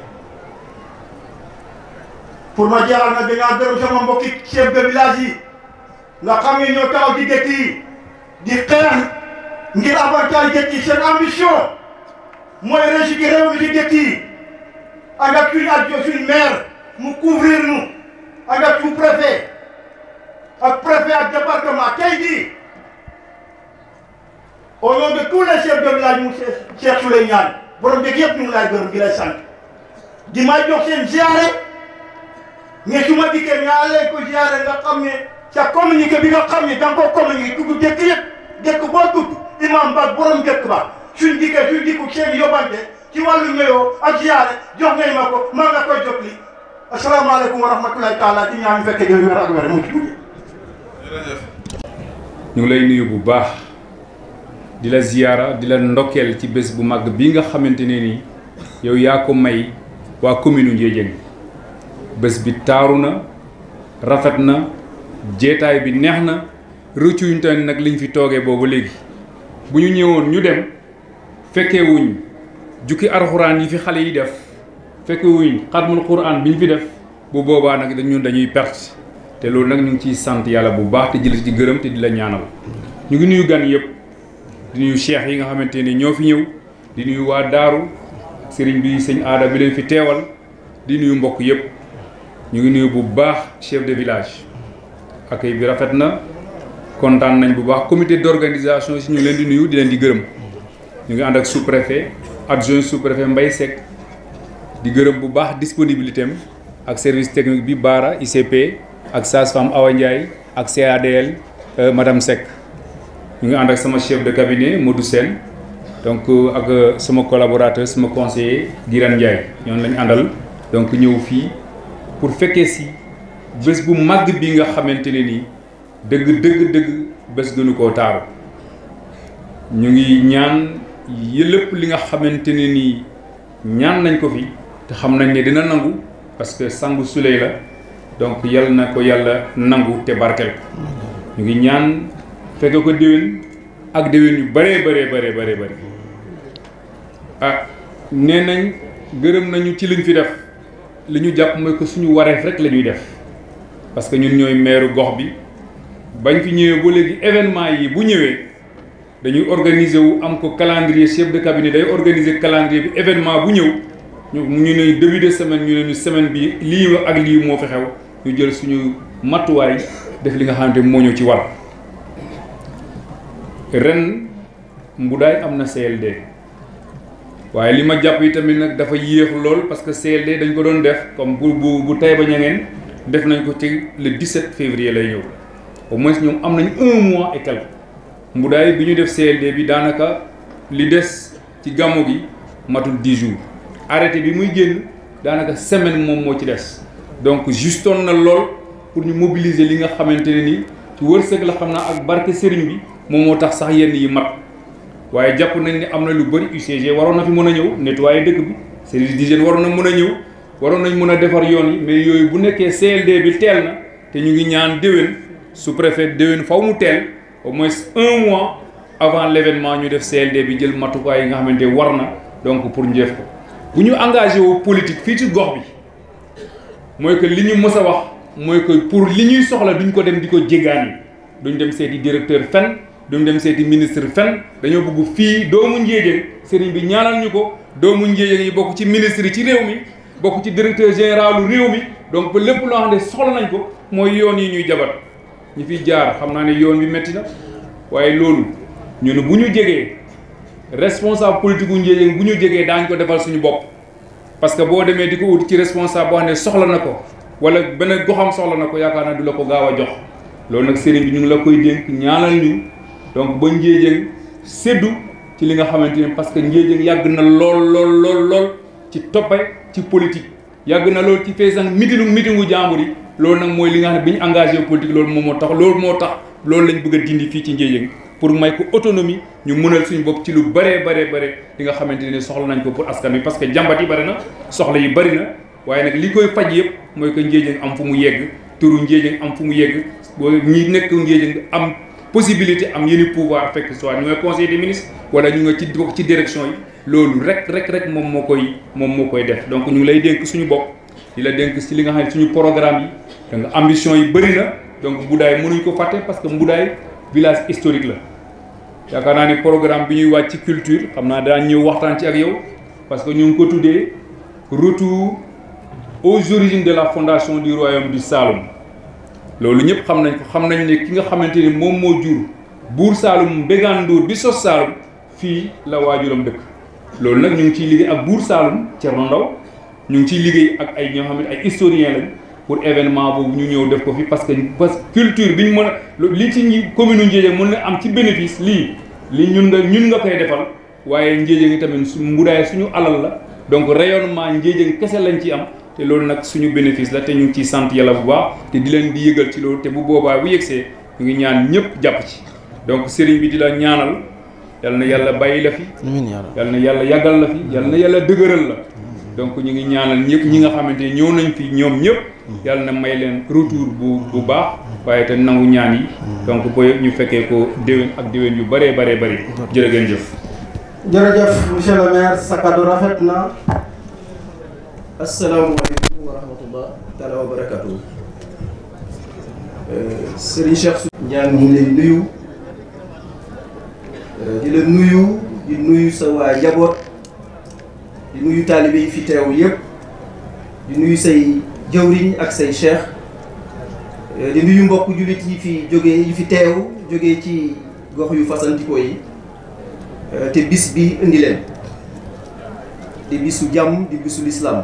pour ma jeexal nag dinaa gërëm sama mbokki chef de village yi nga xam ne ñoo taxaw di xeex ngir avantage dëkk yi seen ambition mooy réussir réew mi ci dëkk yi ànd ak suñu adjoint suñu maire mu couvrir nu ànd ak sous préfet ak préfet ak département tey jii au nom de tous les chefs de mu Cheikh Souley Niane borom beeg yëpp ñu ngi laaj gërëm di lay sant di ma jox seen ziare mais su ma dikkee ñaa leen ko ziare nga xam ne ca communiqué bi nga xam ne da nga koo communiqué dugg dëkk yëpp dëkk boo tudd imam ba borom dëkk ba suñ dikkee suñ dikku seen yóbbante ci wàllu nuyoo ak ziare jox ngay ma ko maa nga koy jot lii asalaamaaleykum wa rahmatulahi taala di ñaan fekk jël wér ak wér mu ci ñu ngi lay nuyu bu baax. di la ziyaara di la ndokkeel ci bés bu mag bi nga xamante ne ni yow yaa ko may waa commune u Ndiédiène bés bi taaru na rafet na jeetaay bi neex na rëccuñu tamit nag liñ fi toogee boobu léegi bu ñu ñëwoon ñu dem fekkewuñ jukki arxuraan yi fi xale yi def fekkewuñ xatmul xuraan bi ñu fi def bu boobaa nag dañu dañuy perte te loolu nag ñu ciy sant yàlla bu baax te jël ci gërëm te di la ñaanal ñu ngi nuyu gan yëpp. di nuyu cheikh yi nga xamante ni ñoo fi ñëw di nuyu waa daaru sëriñ bi sëñ aada bi leen fi teewal di nuyu mbokk yëpp ñu ngi nuyu bu baax chef de village accueil bi rafet na kontaan nañ bu baax comité d'organisation si ñu leen di nuyu di leen di gërëm ñu ngi ànd ak sous-préfet adjoint sous-préfet Mbaye Seck di gërëm bu baax disponibilité am ak service technique bi Baara ICP ak sage-femme Awa Ndiaye ak CADL euh, madame Seck ñu ngi ànd ak sama chef de moo du Sène donc euh, ak euh, sama collaborateur sama conseiller Guirane Ndiaye ñoom lañu àndal donc ñëw fii pour fekkee si bés bu màgg bi nga xamante ne nii dëgg dëgg dëgg bés gënu koo taaru ñu ngi ñaan yëlëpp li nga xamante ne nii ñaan nañ ko fi te xam nañ ne dina nangu parce que sangu suley la donc yal na ko yàlla nangu te barkel ko ñu ngi ñaan fekke ko déwén ak déwén yu bëree bëree bëree bare bëri ah nee nañ gërëm nañu ci liñ fi def li ñu jàpp mooy ko suñu waree rek la ñuy def parce que ñun ñooy meeru gox bi bañ fi ñëwee ba léegi événement yi bu ñëwee dañuy organiser wu am ko calendrier chef de cabinet day organiser calendrier bi événement bu ñëw ñu ñu ne début de semaine ñu ne ñu semaine bi lii ak lii moo fi xew ñu jël suñu matuwaay def li nga xamante moo ñëw ci war ren Mboudaay am na CLD waaye li ma jàpp yi tamit nag dafa yéex lool parce que CLD dañ ko doon def comme bu bu bu Taïba Niangène def nañ ko ci le 17 février lay ñëw au moins ñoom am nañ un mois et quelque Mboudaay bi ñu def CLD bi daanaka li des ci gàmmu gi matul di jours arrêté bi muy génn daanaka semaine moom moo ci des donc justoon na lool pour ñu mobiliser li nga xamante ne ni ci wërsëg la xam naa ak barke sëriñ bi. moom moo tax sax yenn yi mat waaye jàpp nañ ne am na lu bëri UCG waroon na fi mën a ñëw nettoyer dëkk bi service d'hygiène waroon na mën a ñëw waroon nañ mën a defar yoon yi mais yooyu bu nekkee CLD bi teel na te ñu ngi ñaan déwén su préfet déwén faw mu teel au moins un mois avant l'événement ñu def CLD bi jël matukaay yi nga xamante war na donc pour njëf ko bu ñu engagé wu politique fii ci gox bi mooy que li ñu mës a wax mooy que pour li ñuy soxla duñ ko dem di ko jéggaani duñ dem seeti directeur fenn duñ dem seeti ministre fenn dañoo bëgg fii doomu Ndiédiène sëriñ bi ñaanal ñu ko doomu Ndiédiène yi bokk ci ministre ci réew mi bokk ci directeur général réew mi donc ba lépp loo xam ne soxla nañ ko mooy yoon yi ñuy jabat ñu fi jaar xam naa ne yoon bi métti na waaye loolu ñun bu ñu jegee responsable politique gu Ndiédiène bu ñu jegee daañ ko defal suñu bopp parce que boo demee di ko ut ci responsable boo xam ne soxla na ko wala benn goxam soxla na ko yaakaar naa du la ko gaaw a jox loolu nag sëriñ bi ñu ngi koy dénk ñaanal ñu donc ba Ndiédiène séddu ci li nga xamante ni parce que Ndiédiène yàgg na lool lool lool lool ci toppe ci politique yàgg na lool ci fee sax meeting meeting wu yi loolu nag mooy li nga xam bi ñu engagé politique loolu moom moo tax loolu moo tax loolu lañ bëgg a dindi fii ci Ndiédiène pour may ko autonomie ñu mënal suñu bopp ci lu bëree bëree bëri li nga xamante ne soxla nañ ko pour askan wi parce que jàmbat yi bëri na soxla yi bëri na waaye nag li koy faj yëpp mooy que Ndiédiène am fu mu yegg turu Ndiédiène am fu mu yegg boo ñi nekk Ndiédiène am possibilité am yenn pouvoir fekk soit ñu nga conseil des ministres wala ñu nga ci ci direction yi loolu rek rek rek moom moo koy moom moo koy def donc ñu ngi lay dénk suñu bopp di la dénk si li nga xam ne suñu programme yi da nga ambition yi bëri na donc Mboudaay mënuñ ko fàtte parce que Mboudaay village historique la yaakaar naa ne programme bi ñuy wàcc ci culture xam naa daan ñëw waxtaan ci ak yow parce que ñu ngi ko tuddee retour aux origines de la fondation du royaume du loolu ñëpp xam nañ ko xam nañu ne ki nga xamante ni moom moo jur buur Saalum Mbégaan bi sos Saalum fii la waajuram dëkk loolu nag ñu ngi ciy liggéey ak buur Saalum Thierno Ndaw ñu ngi ciy liggéey ak ay ñoo xam ne ay historien lañ pour événement boobu ñu ñëw def ko fii parce que parce que culture bi ñu mën a li ci ñi commune Ndiédiène mun na am ci bénéfice lii li ñun nga ñun nga koy defal waaye Ndiédiène tamit su mbudaay suñu alal la donc rayonnement Ndiédiène kese lañ ci am te loolu nag suñu bénéfice la te ñu ngi ciy sant yàlla bu baax te di leen di yëgal ci loolu te bu boobaa bu yegsee ñu ngi ñaan ñëpp jàpp ci donc sëriñ bi di la ñaanal yal na yàlla bàyyi la fi yal na yàlla yàggal la fi yal na yàlla dëgëral la donc ñu ngi ñaanal ñëpp ñi nga xamante ñëw nañ fi ñoom ñëpp yal na may leen retour bu bu baax waaye te nangu ñaan yi donc boo ñu fekkee ko déwén ak déwén yu bëree bëree bëri jërë ngeen jëf jërëjëf monsieur maire sa kaddu asalaamaaleykum wa rahmatullah taala wa barakatuh euh, Serigne Cheikh su ñaan ñu lay nuyu euh, di la nuyu di nuyu sa waa njaboot di nuyu taalibe yi fi teew yëpp di nuyu say jëwriñ ak say cheikh euh, di nuyu mbokk jullit yi fi jóge yi fi teew jóge ci gox yu fasantikoo yi te bis bi indi leen di bisu jàmm di bisu lislaam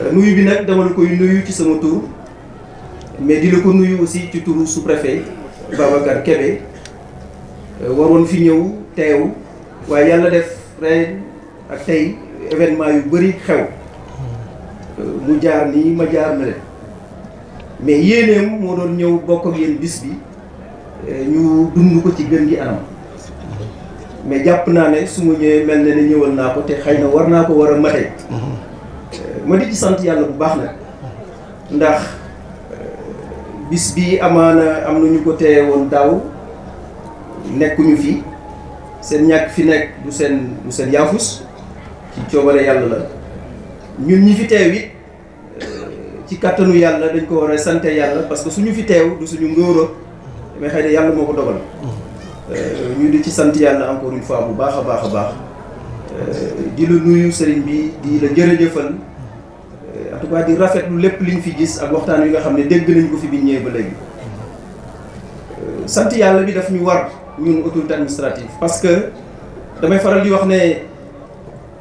Euh, nuyu bi nag dama la koy nuyu ci sama tur mais di la ko nuyu aussi ci turu su préfet Babacar Kébé euh, waroon fi ñëw teew waaye yàlla def ren ak tey événement yu bëri xew euh, mu jaar nii ma jaar na mais yéeneem moo doon ñëw bokk ak yéen bis bi ñu dund ko ci gën gi anam mais jàpp naa ne suma ñëwee mel na ne ñëwal naa ko te xëy na war naa ko war a mate ma di ci sant yàlla bu baax nag ndax euh, bis bi amaana am na ñu ko teewe woon daaw nekkuñu fi seen ñàkk fi nekk du seen du seen yaafus ci coobare yàlla la ñun ñi fi teew it euh, ci kàttanu yàlla dañ ko war a sante yàlla parce que suñu fi teew du suñu ngóoro mais xëy na yàlla moo ko dogal euh, ñu di ci sant yàlla encore une fois bu baax a baax a baax di la nuyu sëriñ bi di la jërëjëfal en tout cas di rafetlu lépp liñ fi gis ak waxtaan wi nga xam ne dégg nañ ko fi biñ ñëwee ba léegi euh, sant yàlla bi daf ñu war ñun autorité administrative parce que damay faral di wax ne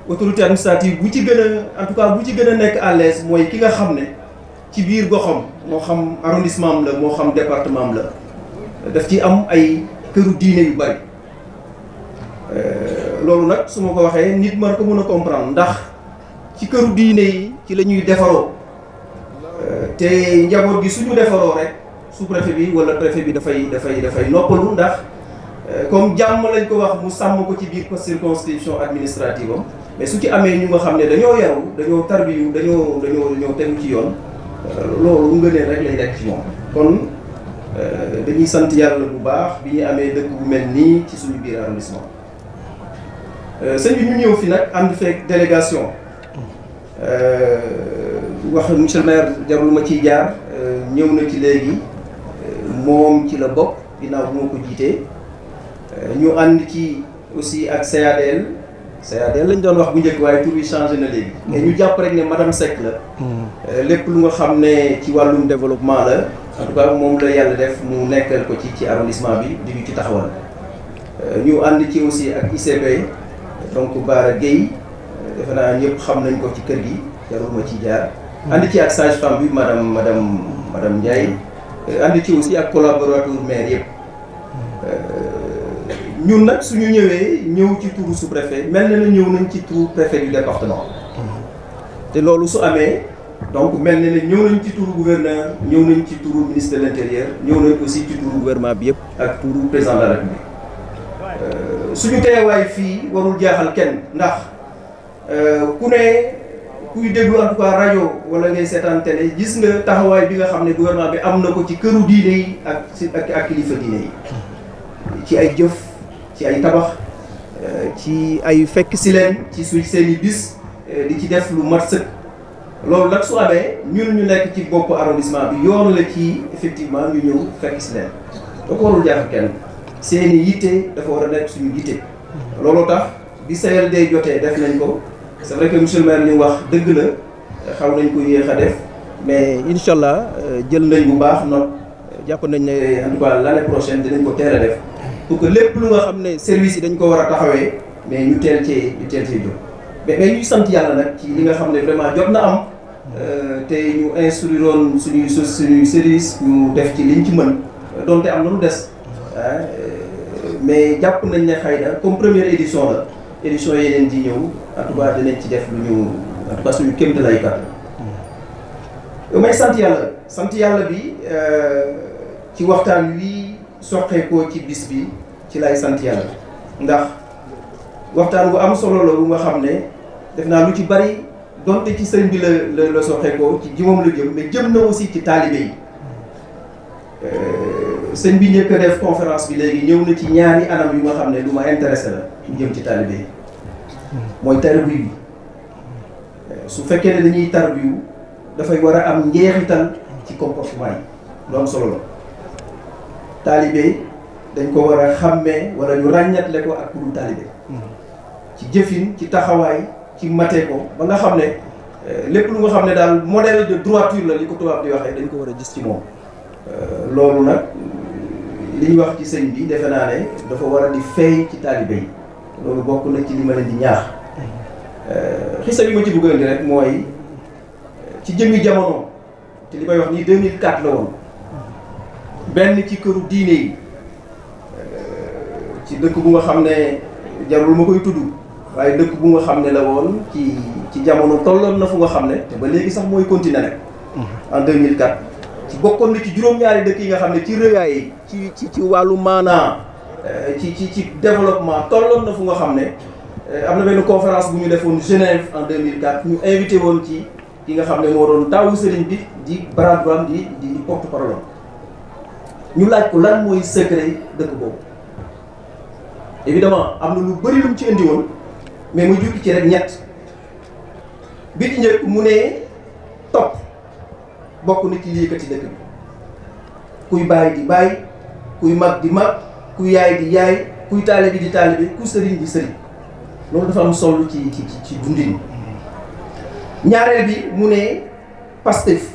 autorité administrative bu ci gën a en tout cas bu ci gën a nekk à l'aise mooy ki nga xam ne ci biir goxam moo xam arrondissement am la moo xam département la daf ci am ay këru diine yu bari euh, loolu nag su ma ko waxee nit mar ko mën a comprendre ndax ci kër diine yi ci la ñuy defaroo te njaboot gi suñu defaroo rek sous-préfet bi wala préfet bi dafay dafay dafay noppalu ndax euh, comme jàmm lañ ko wax mu sàmm ko ci biir circonscription administrative am mais su ci amee ñu nga xam ne dañoo yaru dañoo tarbiyu dañoo dañoo dañoo tegu ci yoon euh, loolu ngëneel rek lay nekk ci moom kon euh, dañuy sant yàlla bu baax bi ñu amee dëkk bu mel nii ci suñu biir arrondissement sëñ bi ñëw fi nag ànd fekk délégation Euh, wax monsieur le maire jarul ma ci jaar euh, ñëw na ci léegi euh, moom ci la bokk ginnaaw bu ma ko jiitee ñu ànd ci aussi ak CADL CADL lañ doon wax bu njëkk waaye tur bi na léegi. Mm-hmm. mais ñu jàpp rek ne madame Seck la. Mm-hmm. lépp lu nga xam ne ci wàllum développement la. en tout cas moom la yàlla def mu nekkal ko ci ci arrondissement bi di ci taxawal. ñu ànd ci aussi ak ICP donc Bara Gueye. defe naa ñëpp xam nañ ko ci kër gi jarul ma ci jaar. Hmm. ànd ci ak sage-femme bi madame madame madame Ndiaye. Euh, ànd ci aussi ak collaborateur maire yëpp. Euh, ñun nag suñu ñëwee ñëw ci turu su préfet mel na ne ñëw nañ ci turu préfet du département. Hmm. te loolu su amee donc mel na ne ñëw nañ ci turu gouverneur ñëw nañ ci turu ministre de l'intérieur ñëw nañ aussi ci turu gouvernement bi yëpp ak turu président de la République euh, suñu teewaay fii warul jaaxal kenn ndax. Euh, ku ne kuy déglu en tout rajo wala ngay seetaan télé gis nga taxawaay bi nga xam ne gouvernement bi am na ko ci këru diine yi ak si ak ak kilifa diine yi ci ay jëf ci ay tabax euh, ci ay fekk si leen ci su seen i bis euh, di ci def lu mat sëkk loolu nag su amee ñun ñu nekk ci bopp arrondissement bi yoon la ci effectivement ñu ñëw fekk si leen da ko warul jaaxal kenn seeni i yitte dafa war a nekk suñu yitte looloo tax bi CRD jotee def nañ ko c'est vrai que monsieur le ñu wax dëgg la xaw nañ ko yéex a def mais incha allah euh, jël nañ bu baax note jàpp nañ ne en tout cas l'année prochaine dinañ ko teel a def pour que lépp lu nga xam ne service yi dañ ko war a taxawee mais ñu teel cee ñu teel cee jóg mais mais ñuy sant yàlla nag ci li nga xam ne vraiment jot na am euh, te ñu instruiroon suñuy su suñuy service ñu def ci liñ ci mën donte am na lu des euh, mais jàpp nañ ne xëy na comme première édition la édition yi leen di ñëw en tout ci def lu ñu en tout cas suñu kéemte lay kat may sant yàlla sant yàlla bi euh, ci waxtaan wi soxeekoo ci bis bi ci lay sant yàlla ndax waxtaan bu am solo la bu nga xam ne def naa lu ci bari donte ci sëñ bi la la la soqeekoo ci jëmam lu jëm mais jëm na aussi ci taalibe yi euh, sëñ bi njëkk a def conférence bi léegi ñëw na ci ñaari anam yu nga xam ne lu ma intéressé la jëm ci taalibe yi mooy tarbiyu bi su fekkee ne dañuy tarbiyu dafay war a am njeexital ci comportement yi lu am solo la taalibe dañ ko war a xàmmee wala ñu ràññatle ko ak kudu taalibe ci jëfin ci taxawaay ci matee ko ba nga xam ne eh, lépp lu nga xam ne daal modèle de droiture la li ko tubaab di waxee dañ ko war a gis ci moom eh, loolu nag li ñu wax ci sëñ bi defe naa ne dafa war a di feeñ ci taalibe yi loolu bokk na ci li ma di ñaar euh, xisa bi ma ci bëggoon di rek mooy euh, ci jëmmi jamono te li may wax nii 2004 la woon benn ci këru diine yi euh, ci dëkk bu nga xam ne jarul ma koy tudd waaye dëkk bu nga xam ne la woon ci ci jamono tolloon na fu nga xam ne te ba léegi sax mooy continuer rek mhm. en 2004 ci bokkoon na ci juróom-ñaari dëkk yi nga xam ne ci rëyaay ci ci ci wàllu maanaa Euh, ci ci ci développement tolloon na fu nga xam ne euh, am na benn conférence bu ñu defoon Genève en 2004 ñu invité woon ci ki nga xam ne moo doon taawu sëriñ bi di Brad Brown di di porte-parole ñu laaj ko lan mooy secret dëkk boobu. évidemment am na lu bëri lu mu ci indi woon mais mu jukki ci rek ñett bi ci njëkk mu ne topp bokk na ci lii kat dëkk bi kuy bàyyi di bàyyi kuy mag di mag. ku yaay di yaay kuy taalibe di taalibe ku sëriñ di sëriñ loolu dafa am solo ci ci ci dundin ñaareel bi mu ne Pastef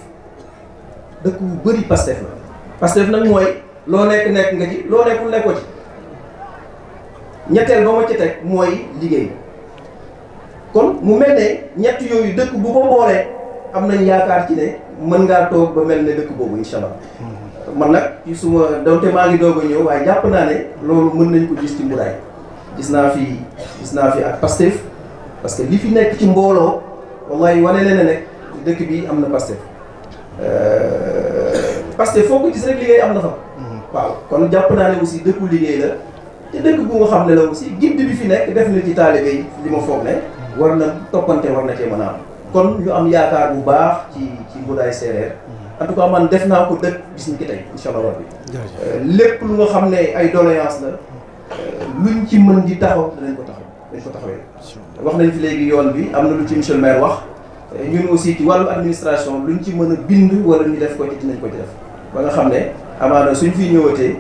dëkk bu bëri Pastef la Pastef nag mooy loo nekk nekk nga ci loo nekkul nekkoo ci ñetteel ba ma ci mooy liggéey kon mu mel ne ñett yooyu dëkk bu ko boolee am nañ yaakaar ci ne mën ngaa toog ba mel ne dëkk boobu incha man nag ci suma donte maa ngi doog a ñëw waaye jàpp naa ne loolu mën nañ ko gis ci Moulay gis naa fi gis naa fi ak Pastef parce que li fi nekk ci mbooloo wallahi wane leen ne nekk dëkk bi am na Pastef euh, Pastef foo ko gis rek liggéey am na fa mm-hmm. waaw kon jàpp naa ne aussi dëkku liggéey la te dëkk bu nga xam ne la aussi gidd bi fi nekk def na ci taalibe yi li ma foog ne war na toppante war na cee mën a am kon ñu am yaakaar bu baax ci ci Moulay Seereer en tout cas man def naa ko dëkk bis ni ki tey incha allah euh, lépp lu nga xam ne ay doléance la euh, luñ ci mën di taxaw danañ ko taxaw dañ ko taxawee wax nañ fi léegi yoon bi am na lu ci monsieur wax euh, ñun aussi ci wàllu administration luñ ci mën a bind wala ñu def ko ci dinañ ko ci def ba nga xam ne amaana suñ fi ñëwatee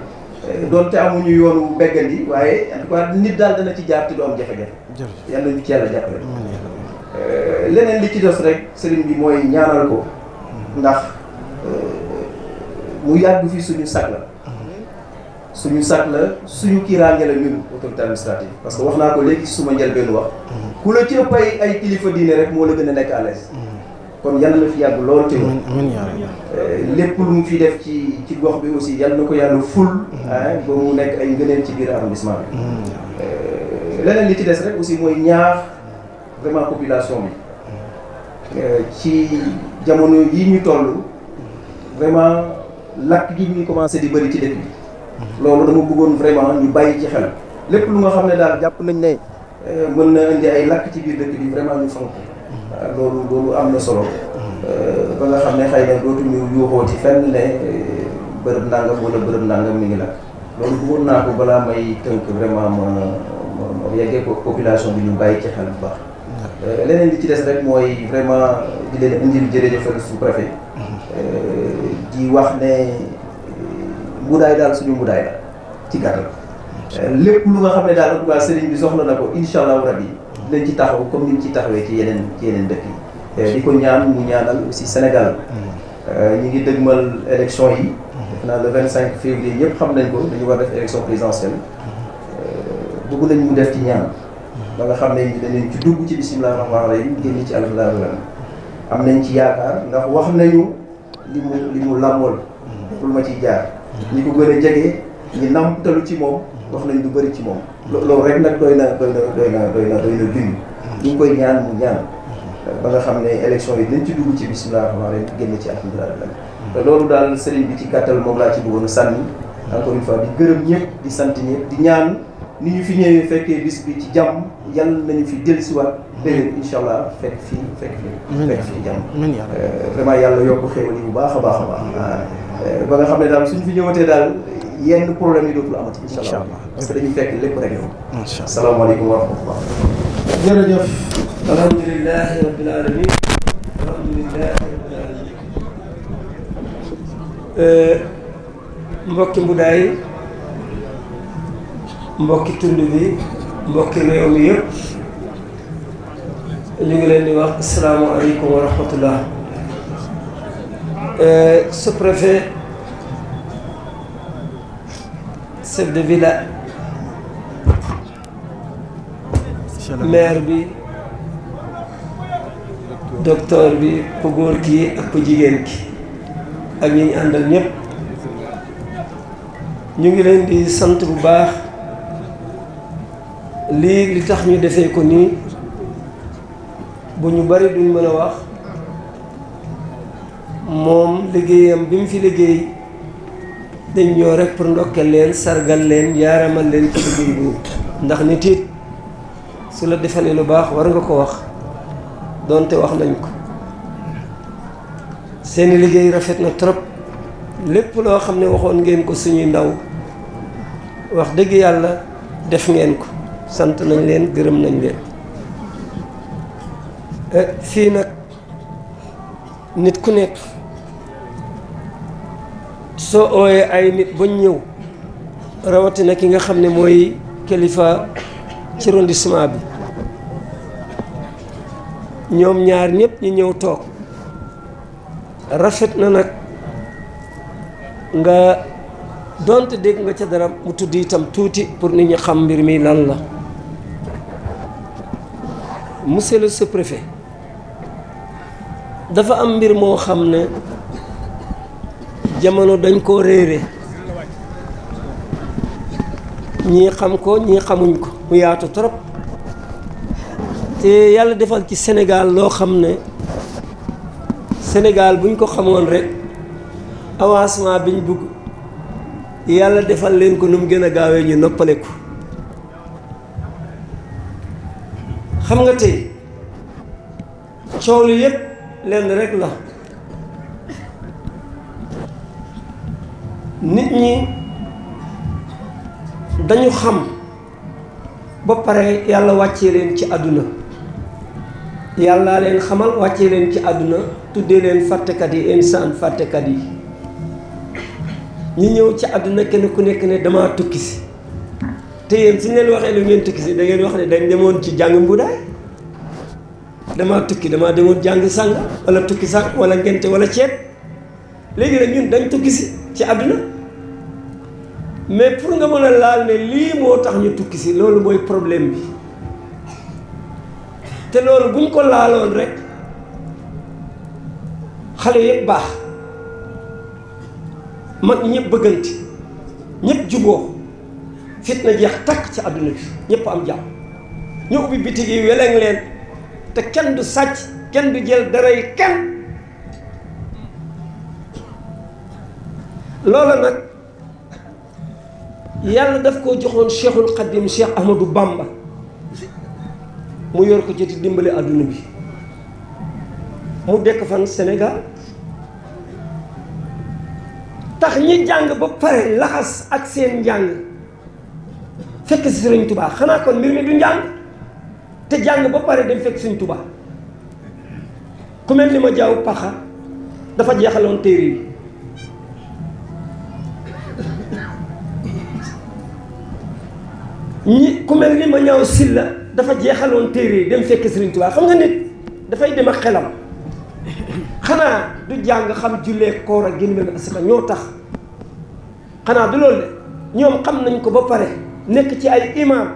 doonte amuñu yoonu mbéggal yi waaye en tout nit daal dina ci jaar te du am jafe-jafe yàlla ñu ci yàlla jàppale leneen li ci des rek sëriñ bi mooy ñaanal ko mm-hmm. ndax mu yàgg fii suñu sag la suñu sag la suñu kiiraange la ñun autorité administrative parce que wax naa ko léegi suma njëlbeen wax ku la ci ëpp ay ay kilifa diine rek moo la gën a nekk à kon yàlla na fi yàgg lool ci moom eh, lépp lu mu fi def ci ci gox bi aussi yàlla na ko yàlla ful ah, ba mu nekk ay ngëneen ci biir arrondissement bi eh, leneen li ci des rek aussi mooy ñaax vraiment population bi eh, ci jamono yi ñu toll lakk gi ñuy commencé di bëri ci dëkk bi loolu dama bëggoon vraiment ñu bàyyi ci xel lépp lu nga xam ne daal jàpp nañ ne euh, mën na indi ay lakk ci biir dëkk bi vraiment ñu fonk euh, loolu loolu am na solo euh, ba nga xam ne xëy na dootuñu yuuxoo ci fenn ne bërëb ndàngam wala bërëb ndàngam mi ngi lakk loolu bëggoon naa ko balaa may tënk vraiment ma ma yeggee ko population bi ñu bàyyi ci xel bu baax leneen li ci des rek mooy vraiment di leen indil jërëjëfal sous-préfet mm-hmm. di wax ne euh, mbudaay daal suñu mbudaay la ci gàttal. Euh, lépp lu nga xam ne daal en tout cas bi soxla na ko incha allahu rabi dinañ ci taxaw comme ni mu ci taxawee ci yeneen ci yeneen dëkk yi. Euh, di ko ñaan mu ñaanal aussi Sénégal. ñu ngi dëgmal élection yi. def naa le 25 février yëpp xam nañ ko dañu war def élection présidentielle. bëgg nañ mu def ci ñaan. ba nga xam ne ñu dañ ci dugg ci bisimilah rahmaani rahim génn ci alhamdulilah am nañ ci yaakaar li mu li mu làmbool pour ma ciy jaar ñi ko gën a jege ñi namtalu ci moom wax nañ du bëri ci moom loolu rek nag doy na doy na doy na doy na doy na junni ñu ngi koy ñaan mu ñaan ba nga xam ne élection yi dañ ci dugg ci bismillah rahmaan rahim génn ci alhamdulilah te loolu daal sëriñ bi ci gàttal moom laa ci bëggoon a sànni encore une fois di gërëm ñëpp di sant ñëpp di ñaan ni ñu fi ñëwee fekkee bis bi ci jàmm yàlla nañu fi dellusiwaat déwén incha allah fekk fii fekk fii fekk fii jàmm euh, vraiment yàlla yokk xéwal yi bu baax a baax a baax ah, euh, ba nga xam ne daal suñ fi ñëwatee daal yenn problème yi dootul amati incha allah parce que dañuy fekk lépp rek yow asalaamaaleykum wa rahmatullah jërëjëf alhamdulilahi rabbil alamin alamin euh, mbokki mbudaay mbokki tund bi mbokki réew mi yëpp li ngi leen di wax asalaamaaleykum wa rahmatullah euh, sous chef de villa maire bi docteur bi ku góor kii ak ku jigéen ki ak ñi ñu àndal ñëpp ñu ngi leen di sant bu baax lii li tax ñu defee ko nii bu ñu bari duñ mën a wax moom liggéeyam bi mu fi liggéey dañ ñoo rek pour ndokkeel leen sargal leen yaaramal leen ci liggéey boobu ndax nit it su la defalee lu baax war nga ko wax donte wax nañ ko seeni liggéey rafet na trop lépp loo xam ne waxoon ngeen ko suñuy ndaw wax dëgg yàlla def ngeen ko sant nañ leen gërëm nañ leen eh, fii nag nit ku nekk soo ooyee ay nit bañ ñëw rawatina ki nga xam ne mooy kilifa ci arrondissement bi ñoom ñaar ñépp ñu ñëw toog rafet na nag nga donte dégg nga ca dara mu tudd itam tuuti pour nit ñi xam mbir mi lan la monsieur le dafa am mbir moo xam ne jamono dañ koo réere ñii xam ko ñii xamuñ ko mu yaatu trop te yàlla defal ci Sénégal loo xam ne Sénégal buñ ko xamoon rek avancement ñu bugg yàlla defal leen ko nu mu gën a gaawee ñu noppaleku xam nga tey coow li yëpp lenn rekk la nit ñi dañu xam ba pare yàlla wàccee leen ci àdduna yàlla leen xamal wàccee leen ci àdduna tuddee leen fàttekat yi insaan fàttekat yi ñi ñëw ci àdduna kenn ku nekk ne dama tukki si te yéen suñ waxee lu ngeen tukki si da ngeen wax ne dañ demoon ci jàng mbudaay damaa tukki damaa demoon jàng sàng wala tukki sàng wala ngente wala ceeb léegi nag ñun dañ tukki si ci àdduna mais pour nga mën a laal ne lii moo tax ñu tukki si loolu mooy problème bi te loolu buñ ko laaloon rek xale yëpp baax mag ñëpp bëgganti ñëpp juboo fitna jeex takk ci àdduna bi ñëpp am jàmm ñu ubbi bitig yi weleng leen te kenn du sàcc kenn du jël dara yi kenn loola nag yàlla daf koo joxoon cheikhul xadim cheikh ahmadou bamba mu yor ko ci di dimbale àdduna bi mu dekk fan sénégal tax ñi jàng ba pare laxas ak seen njàng fekk si sëriñ tubaa xanaa kon mbir mi du njàng te jàng ba pare dem fekk sëriñ tubaa ku mel ni ma jaaw paxa dafa jeexaloon téere bi ñi ku mel ni ma ñaaw silla dafa jeexaloon téere dem fekk sëriñ tubaa xam nga nit dafay dem ak xelam xanaa du jàng xam jullee koor ak génn asaka ñoo tax xanaa du loolu ñoom xam nañ ko ba pare nekk ci ay imaam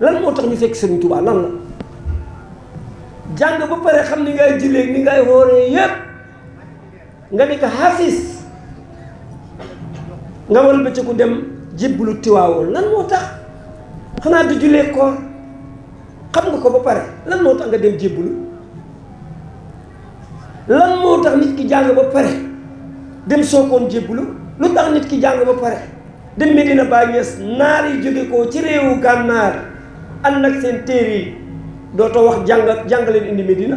lan moo tax ñu fekk Sëriñ Tuubaa lan la jàng ba pare xam ni ngay jullee ni ngay wooree yépp nga ni ko xasis nga war bëccëgu dem jébbalu tiwaawoo lan moo tax xanaa du jullee koor xam nga ko ba pare lan moo tax nga dem jébbalu lan moo tax nit ki jàng ba pare dem sookoon jébbalu lu tax nit ki jàng ba pare dem Medina Baay Ñas naar yi jóge ko ci réewu gànnaar ànd ak seen téere yi dootoo wax jàng jàngaleen indi Medina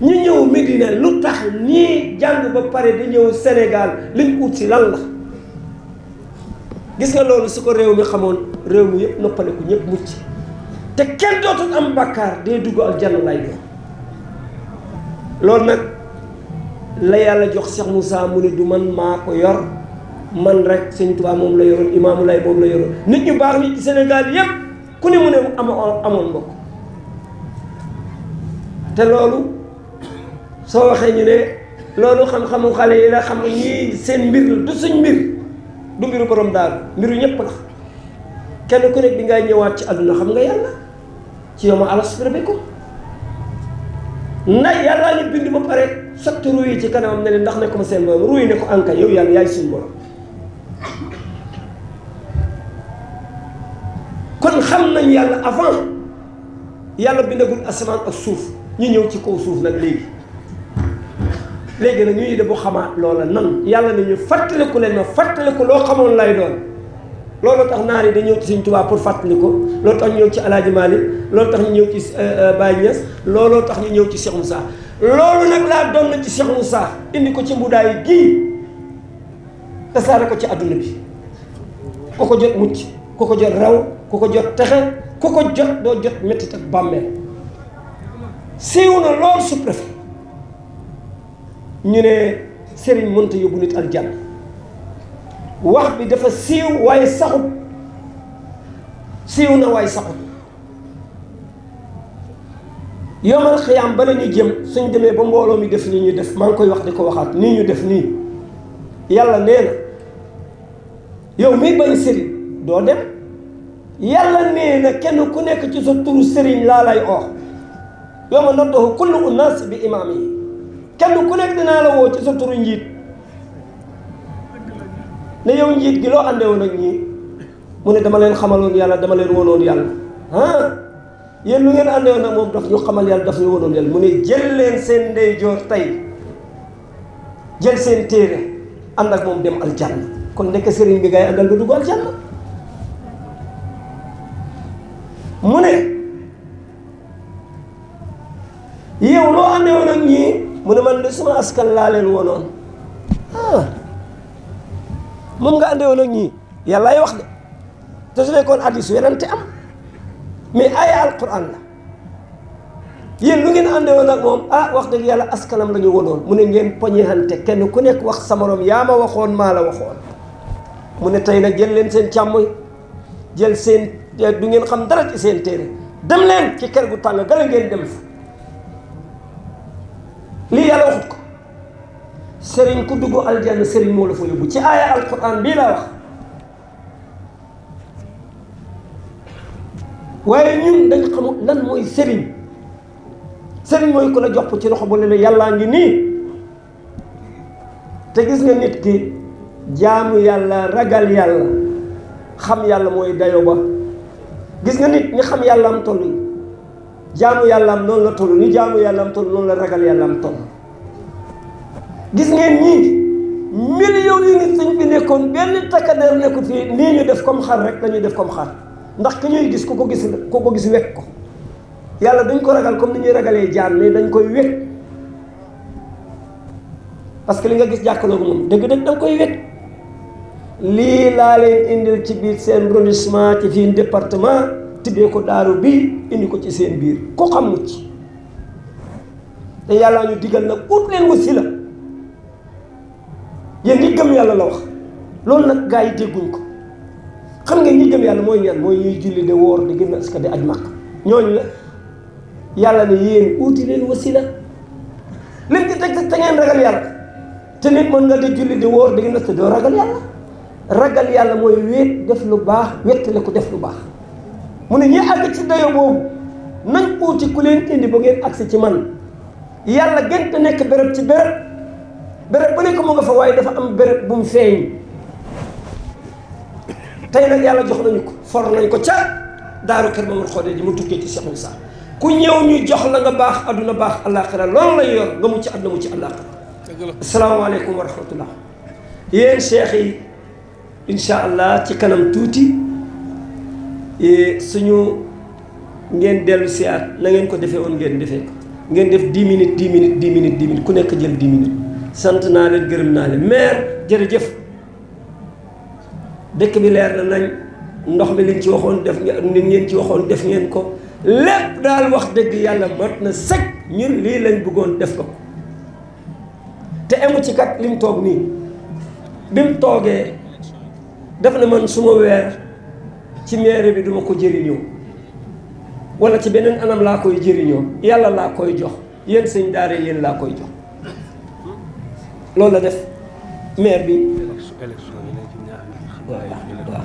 ñu ñëw Medina lu tax ñii jàng ba pare di ñëw Sénégal liñ ut si lan gis nga loolu su ko réew mi xamoon réew mi yëpp noppaleku ñëpp mucc te kenn dootul am bakkaar day dugg aljanna lay jox loolu nag la yàlla jox Cheikh Moussa mu ne du man maa ko yor man rek sëñ Tuubaa moom la yoroon imaamu lay moom la yoroon nit ñu baax ñi ci Sénégal yépp ku ne mu ne ama amoon mbokk te loolu soo waxee ñu ne loolu xam-xamu xale yi la xam ñii seen mbir la du suñ mbir du mbiru borom daal mbiru ñëpp la kenn ku nekk bi ngay ñëwaat ci àdduna xam nga yàlla ci yow ma alas ko na yàllaa ne bind ba pare sotti ruuy ci kanamam ne leen ndax nekkuma seen borom ruuy ne ko anka yow yàlla yaay suñu borom kon xam nañ yàlla avant yàlla bindagul asamaan ak suuf ñu ñëw ci kaw suuf nag léegi léegi nag ñu de bu xamaat loola nan yàlla na ñu fàttaliku leen ma fàttaliku loo xamoon lay doon looloo tax naar yi dañu ñëw ci Sëñ Tuubaa pour fàttali ko loolu tax ñu ñëw ci Alaaji Maalik loolu tax ñu ñëw ci euh, euh, Baay Ñas looloo tax ñu ñëw ci Cheikh Moussa loolu nag laa doon na ci Cheikh saa indi ko ci mbudaay gii tasaare ko ci adduna bi ku ko jot mucc ku ko jot raw ku ko jot texe ku ko jot doo jot mettit ak bàmmeel siiw na lool sous-préfet ñu ne sëriñ mënta yóbbu nit aljanna wax bi dafa siiw waaye saxut siiw na waaye saxut yomal xiyaam bala ñu jëm suñ demee ba mbooloo mi def nii ñu def man koy wax di ko waxaat nii ñu def nii yàlla nee na yow miy bañ sëriñ doo dem yàlla nee na kenn ku nekk ci sa turu sëriñ laa lay oo yawma nad'u kulla unaasin bi imaamihim kenn ku nekk dinaa la woo ci sa turu njiit ne yow njiit gi loo àndewoon ak ñii mu ne dama leen xamal xamaloon yàlla dama leen wonoon yàlla ah yéen lu ngeen àndewoon ak moom daf ñu xamal yàlla daf ñu wonoon yàlla mu ne jël leen seen ndeyjoor tey jël seen téere ànd ak moom dem aljanna kon nekk sëriñ bi ngay àndal nga dugg aljanna mu ne yow loo àndee woon ak ñii mu ne man de sama askan laa leen woonoon ah moom nga àndee woon ak ñii yàllaay wax de te su nekkoon hadiis yenente am mais aaya alquran la yéen lu ngeen àndee woon ak moom ah wax dëgg yàlla askanam la ñu wonoon mu ne ngeen poñeexante kenn ku nekk wax sa yaa ma waxoon maa la waxoon mu ne tey nag jël leen seen càmm jël seen du ngeen xam dara ci seen téere dem leen ci kër gu tàng gala ngeen dem fa lii yàlla waxut ko sëriñ ku dugg aljanna sëriñ moo la fa yóbbu ci aaya alquran bii laa wax waaye ñun dañ xamul lan mooy sëriñ sëriñ mooy ku la jox ci loxo bu ne la yàllaa ngi nii te gis nga nit ki jaamu yàlla ragal yàlla xam yàlla mooy dayo ba gis nga nit ñi xam yàlla am toll jaamu yàlla am noonu la toll ñu jaamu yàlla am toll noonu la ragal yàlla am toll gis ngeen ñii millions yi nit suñ fi nekkoon benn takkadeer nekkul fii nii ñu def comme xar rek dañuy def comme xar ndax ki ñuy gis ko ko gis ku ko gis wekk ko yàlla dañ ko ragal comme ni ñuy ragalee jaam mais dañ koy wekk parce que li nga gis jàkkaloogu moom dëgg-dëgg da koy wekk lii laa leen indil ci biir seen arrondissement ci fii département tibbee ko daaru bi indi ko ci seen biir koo xam ci te yàlla ñu digal nag ut leen wasila yéen ñi gëm yàlla la wax loolu nag gaa yi dégguñ ko xam nga ñi gëm yàlla mooy ñan mooy ñuy julli de woor di gën a askan di aj màkk ñooñu la yàlla ne yéen uuti leen wasila lépp di teg te ngeen ragal yàlla te nit mën nga di julli di wóor di gën a doo ragal yàlla ragal yàlla mooy wéet def lu baax wettale ko def lu baax mu ne ñi àgg ci dayo boobu nañ uuti ku leen indi ba ngeen agsi ci man yàlla gën te nekk béréb ci béréb béréb bu nekk mu nga fa waaye dafa am béréb bu mu feeñ tey nag yàlla jox nañu ko for nañ ko ca daaru kër Mamadou Xodé ji mu tukkee ci Cheikh Moussa ku ñëw ñu jox la nga baax adduna baax àllaaxira loolu lay yor nga mu ci àdduna mu ci àllaaxira asalaamaaleykum wa rahmatullah yéen cheikh yi incha allah ci kanam tuuti suñu ngeen dellu siyaat na ngeen ko defee woon ngeen defee ko ngeen def 10 minutes 10 minutes 10 minutes 10 minutes ku nekk jël di minutes sant naa leen gërëm naa leen maire jëf dëkk bi leer na nañ ndox mi liñ waxoon def ngeen ngeen ci waxoon def ngeen ko lépp daal wax dëgg yàlla mat na sëkk ñun lii lañ bëggoon def ko te emu ci kat mu toog nii bim toogee. dafa ne man suma ma weer ci mairie bi duma ko jëriñoo wala ci beneen anam laa koy jëriñoo yàlla laa koy jox yéen sëñ daara yéen laa koy jox loolu la def mair bi waaw waaw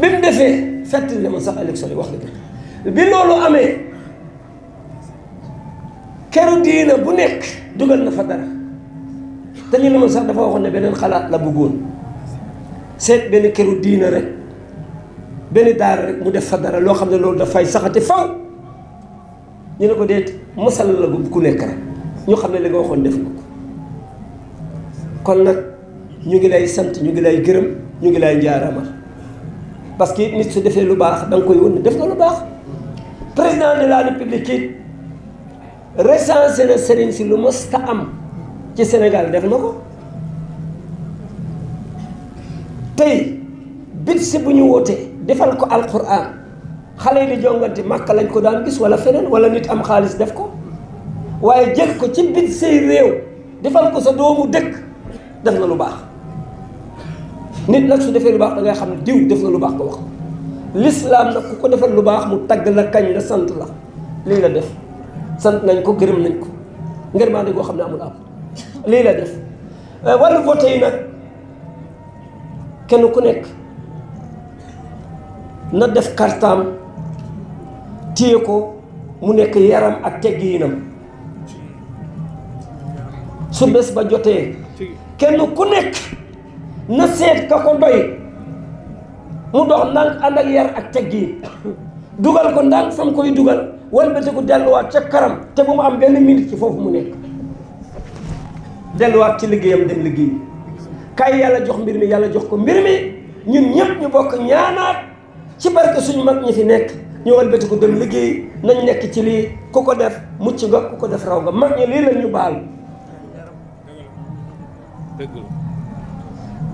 bi mu defee fàttali ne ma sax élection yi wax la bi loolu amee këru diina bu nekk dugal na fa dara te ñu ne ma sax dafa waxoon ne beneen xalaat la bëggoon seet benn këru diina rek benn daara rek mu def fa dara loo xam ne loolu dafay saxati faw ñu ne ko deet masala la bu ku nekk rek ñu xam ne li waxoon def nga ko kon nag ñu ngi lay sant ñu ngi lay gërëm ñu ngi lay njaarama parce que nit su defee lu baax da nga koy won def ko lu baax président de la république it recensé na sëriñ si lu mës ta am ci Sénégal def na ko tey bit bu ñu wootee defal ko alquran xale yi di jongante màkk lañ ko daan gis wala feneen wala nit am xaalis def ko waaye jël ko ci bit say réew defal ko sa doomu dëkk def nga lu baax nit nag su defee lu baax da ngay xam ne diw def nga lu baax ko wax l'islam nag ku ko defal lu baax mu tagg la kañ la sant la lii la def sant nañ ko gërëm nañ ko ngërmaande goo xam ne amul am lii la def wala voté yi nag kenn ku nekk na def kartaam téye ko mu nekk yaram ak teggiinam su bés ba jotee kenn ku nekk na seet ka ko doy mu dox ndànk ànd ak yar ak teggiin dugal ko ndànk fam koy dugal walbati ko delluwaat ca karam te bu mu am benn minute ci foofu mu nekk delluwaat ci liggéeyam dem liggéey kay yàlla jox mbir mi yàlla jox ko mbir mi ñun ñëpp ñu bokk ñaanaat ci barke suñu mag ñi fi nekk ñu walbati ko dem liggéey nañ nekk ci lii ku ko def mucc nga ku ko def raw nga mag ñi lii la ñu baal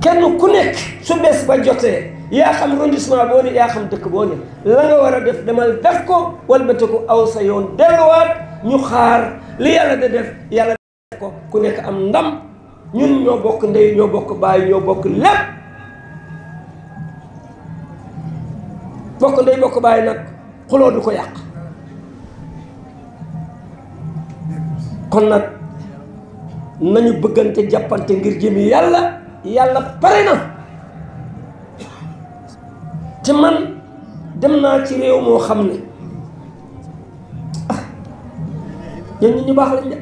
kenn ku nekk su bees ba jotee yaa xam arrondissement boo ne yaa xam dëkk boo ne la nga war a def demal def ko walbati ko aw sa yoon delluwaat ñu xaar li yàlla da def yàlla def ko ku nekk am ndam ñun ñoo bokk ndey ñoo bokk baay ñoo bokk lépp bokk ndey bokk baay nag xuloo du ko yàq kon nag nañu bëggante jàppante ngir jëmi yàlla yàlla pare na te man dem naa ci réew moo xam ne ah ñu baax lañ de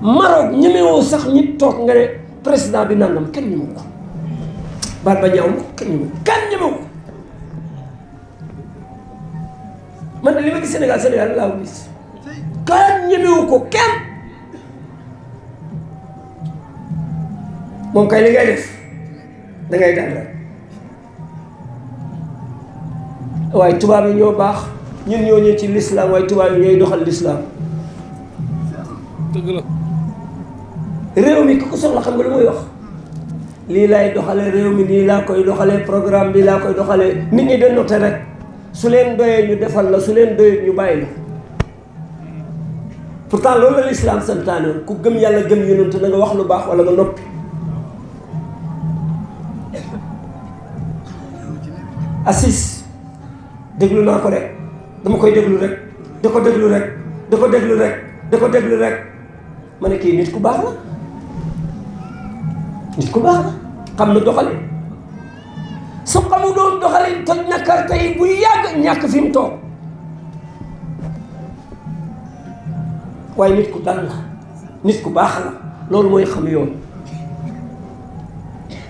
Maroc ñemewoo sax ñi toog nga ne président bi nangam kenn ñemewu ko Barba Diaw ma kenn kenn ñemewu ko man de li ma gis Sénégal Sénégal laa ko gis kenn ñemewu ko kenn moom kay li waaye tubaab yi ñoo baax ñun ñoo ñëw ci lislaam waaye tubaab yi ñooy doxal lislaam réew mi ku ko soxla xam nga lu muy wax lii laay doxalee réew mi nii laa koy doxalee programme bi laa koy doxalee nit ñi de noté rek su leen doyee ñu defal la su leen doyee ñu bàyyi la pourtant loolu la lislaam santaane ku gëm yàlla gëm yonent da nga wax lu baax wala nga noppi assis déglu naa ko rek dama koy déglu rek da ko déglu rek da ko déglu rek da ko déglu rek ma ne kii nit ku baax la nit ku baax la xam na doxalin su xamu doon doxalin toj na kar bu yàgg ñàkk fi mu toog waaye nit ku dal la nit ku baax la loolu mooy xam yoon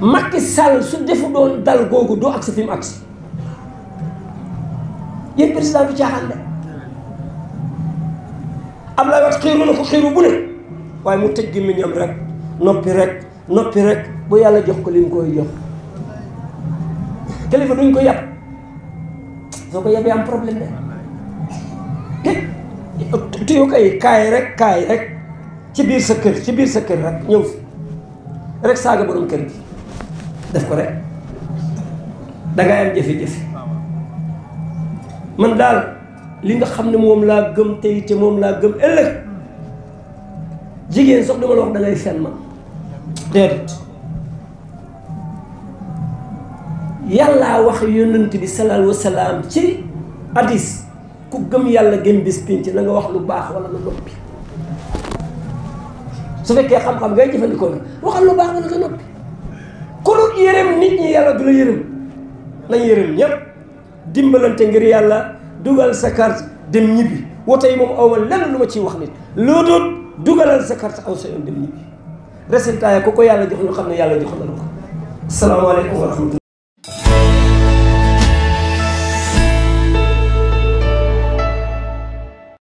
Macky Sall su defu doon dal googu doo agsi fi mu agsi yéen président du caaxaan de Abdoulaye Wade xiiru na ko xiiru bu ne waaye mu tëj gémmiñam rek noppi rek noppi rek bu yàlla jox ko lim koy jox kilifa duñ ko yab soo ko yabee am problème de te tuyu kaay rek kaay rek ci biir sa kër ci biir sa kër rek ñëw fi rek saaga borom kër gi def ko rek dangay am jafe-jafe man daal li nga xam ne moom laa gëm tey te moom laa gëm ëllëg jigéen sox dama la wax dangay fen man déedéet yàllaa wax yonent bi salaal wasalaam ci hadis ku gëm yàlla gëm bis pinc na nga wax lu baax wala nga noppi su fekkee xam-xam ngay jëfandikoo na waxal lu baax wala nga noppi ku dul yërëm nit ñi yàlla du la yërëm nañ yërëm ñépp dimbalante ngir yàlla dugal sa carte dem ñibbi woto yi moom awma lenn lu ma ciy wax nit loo doon dugalal sa carte aw sa yoon dem ñibbi résultat ya ku ko yàlla jox ñu xam ne yàlla jox na ko asalaamaaleykum wa rahmatullah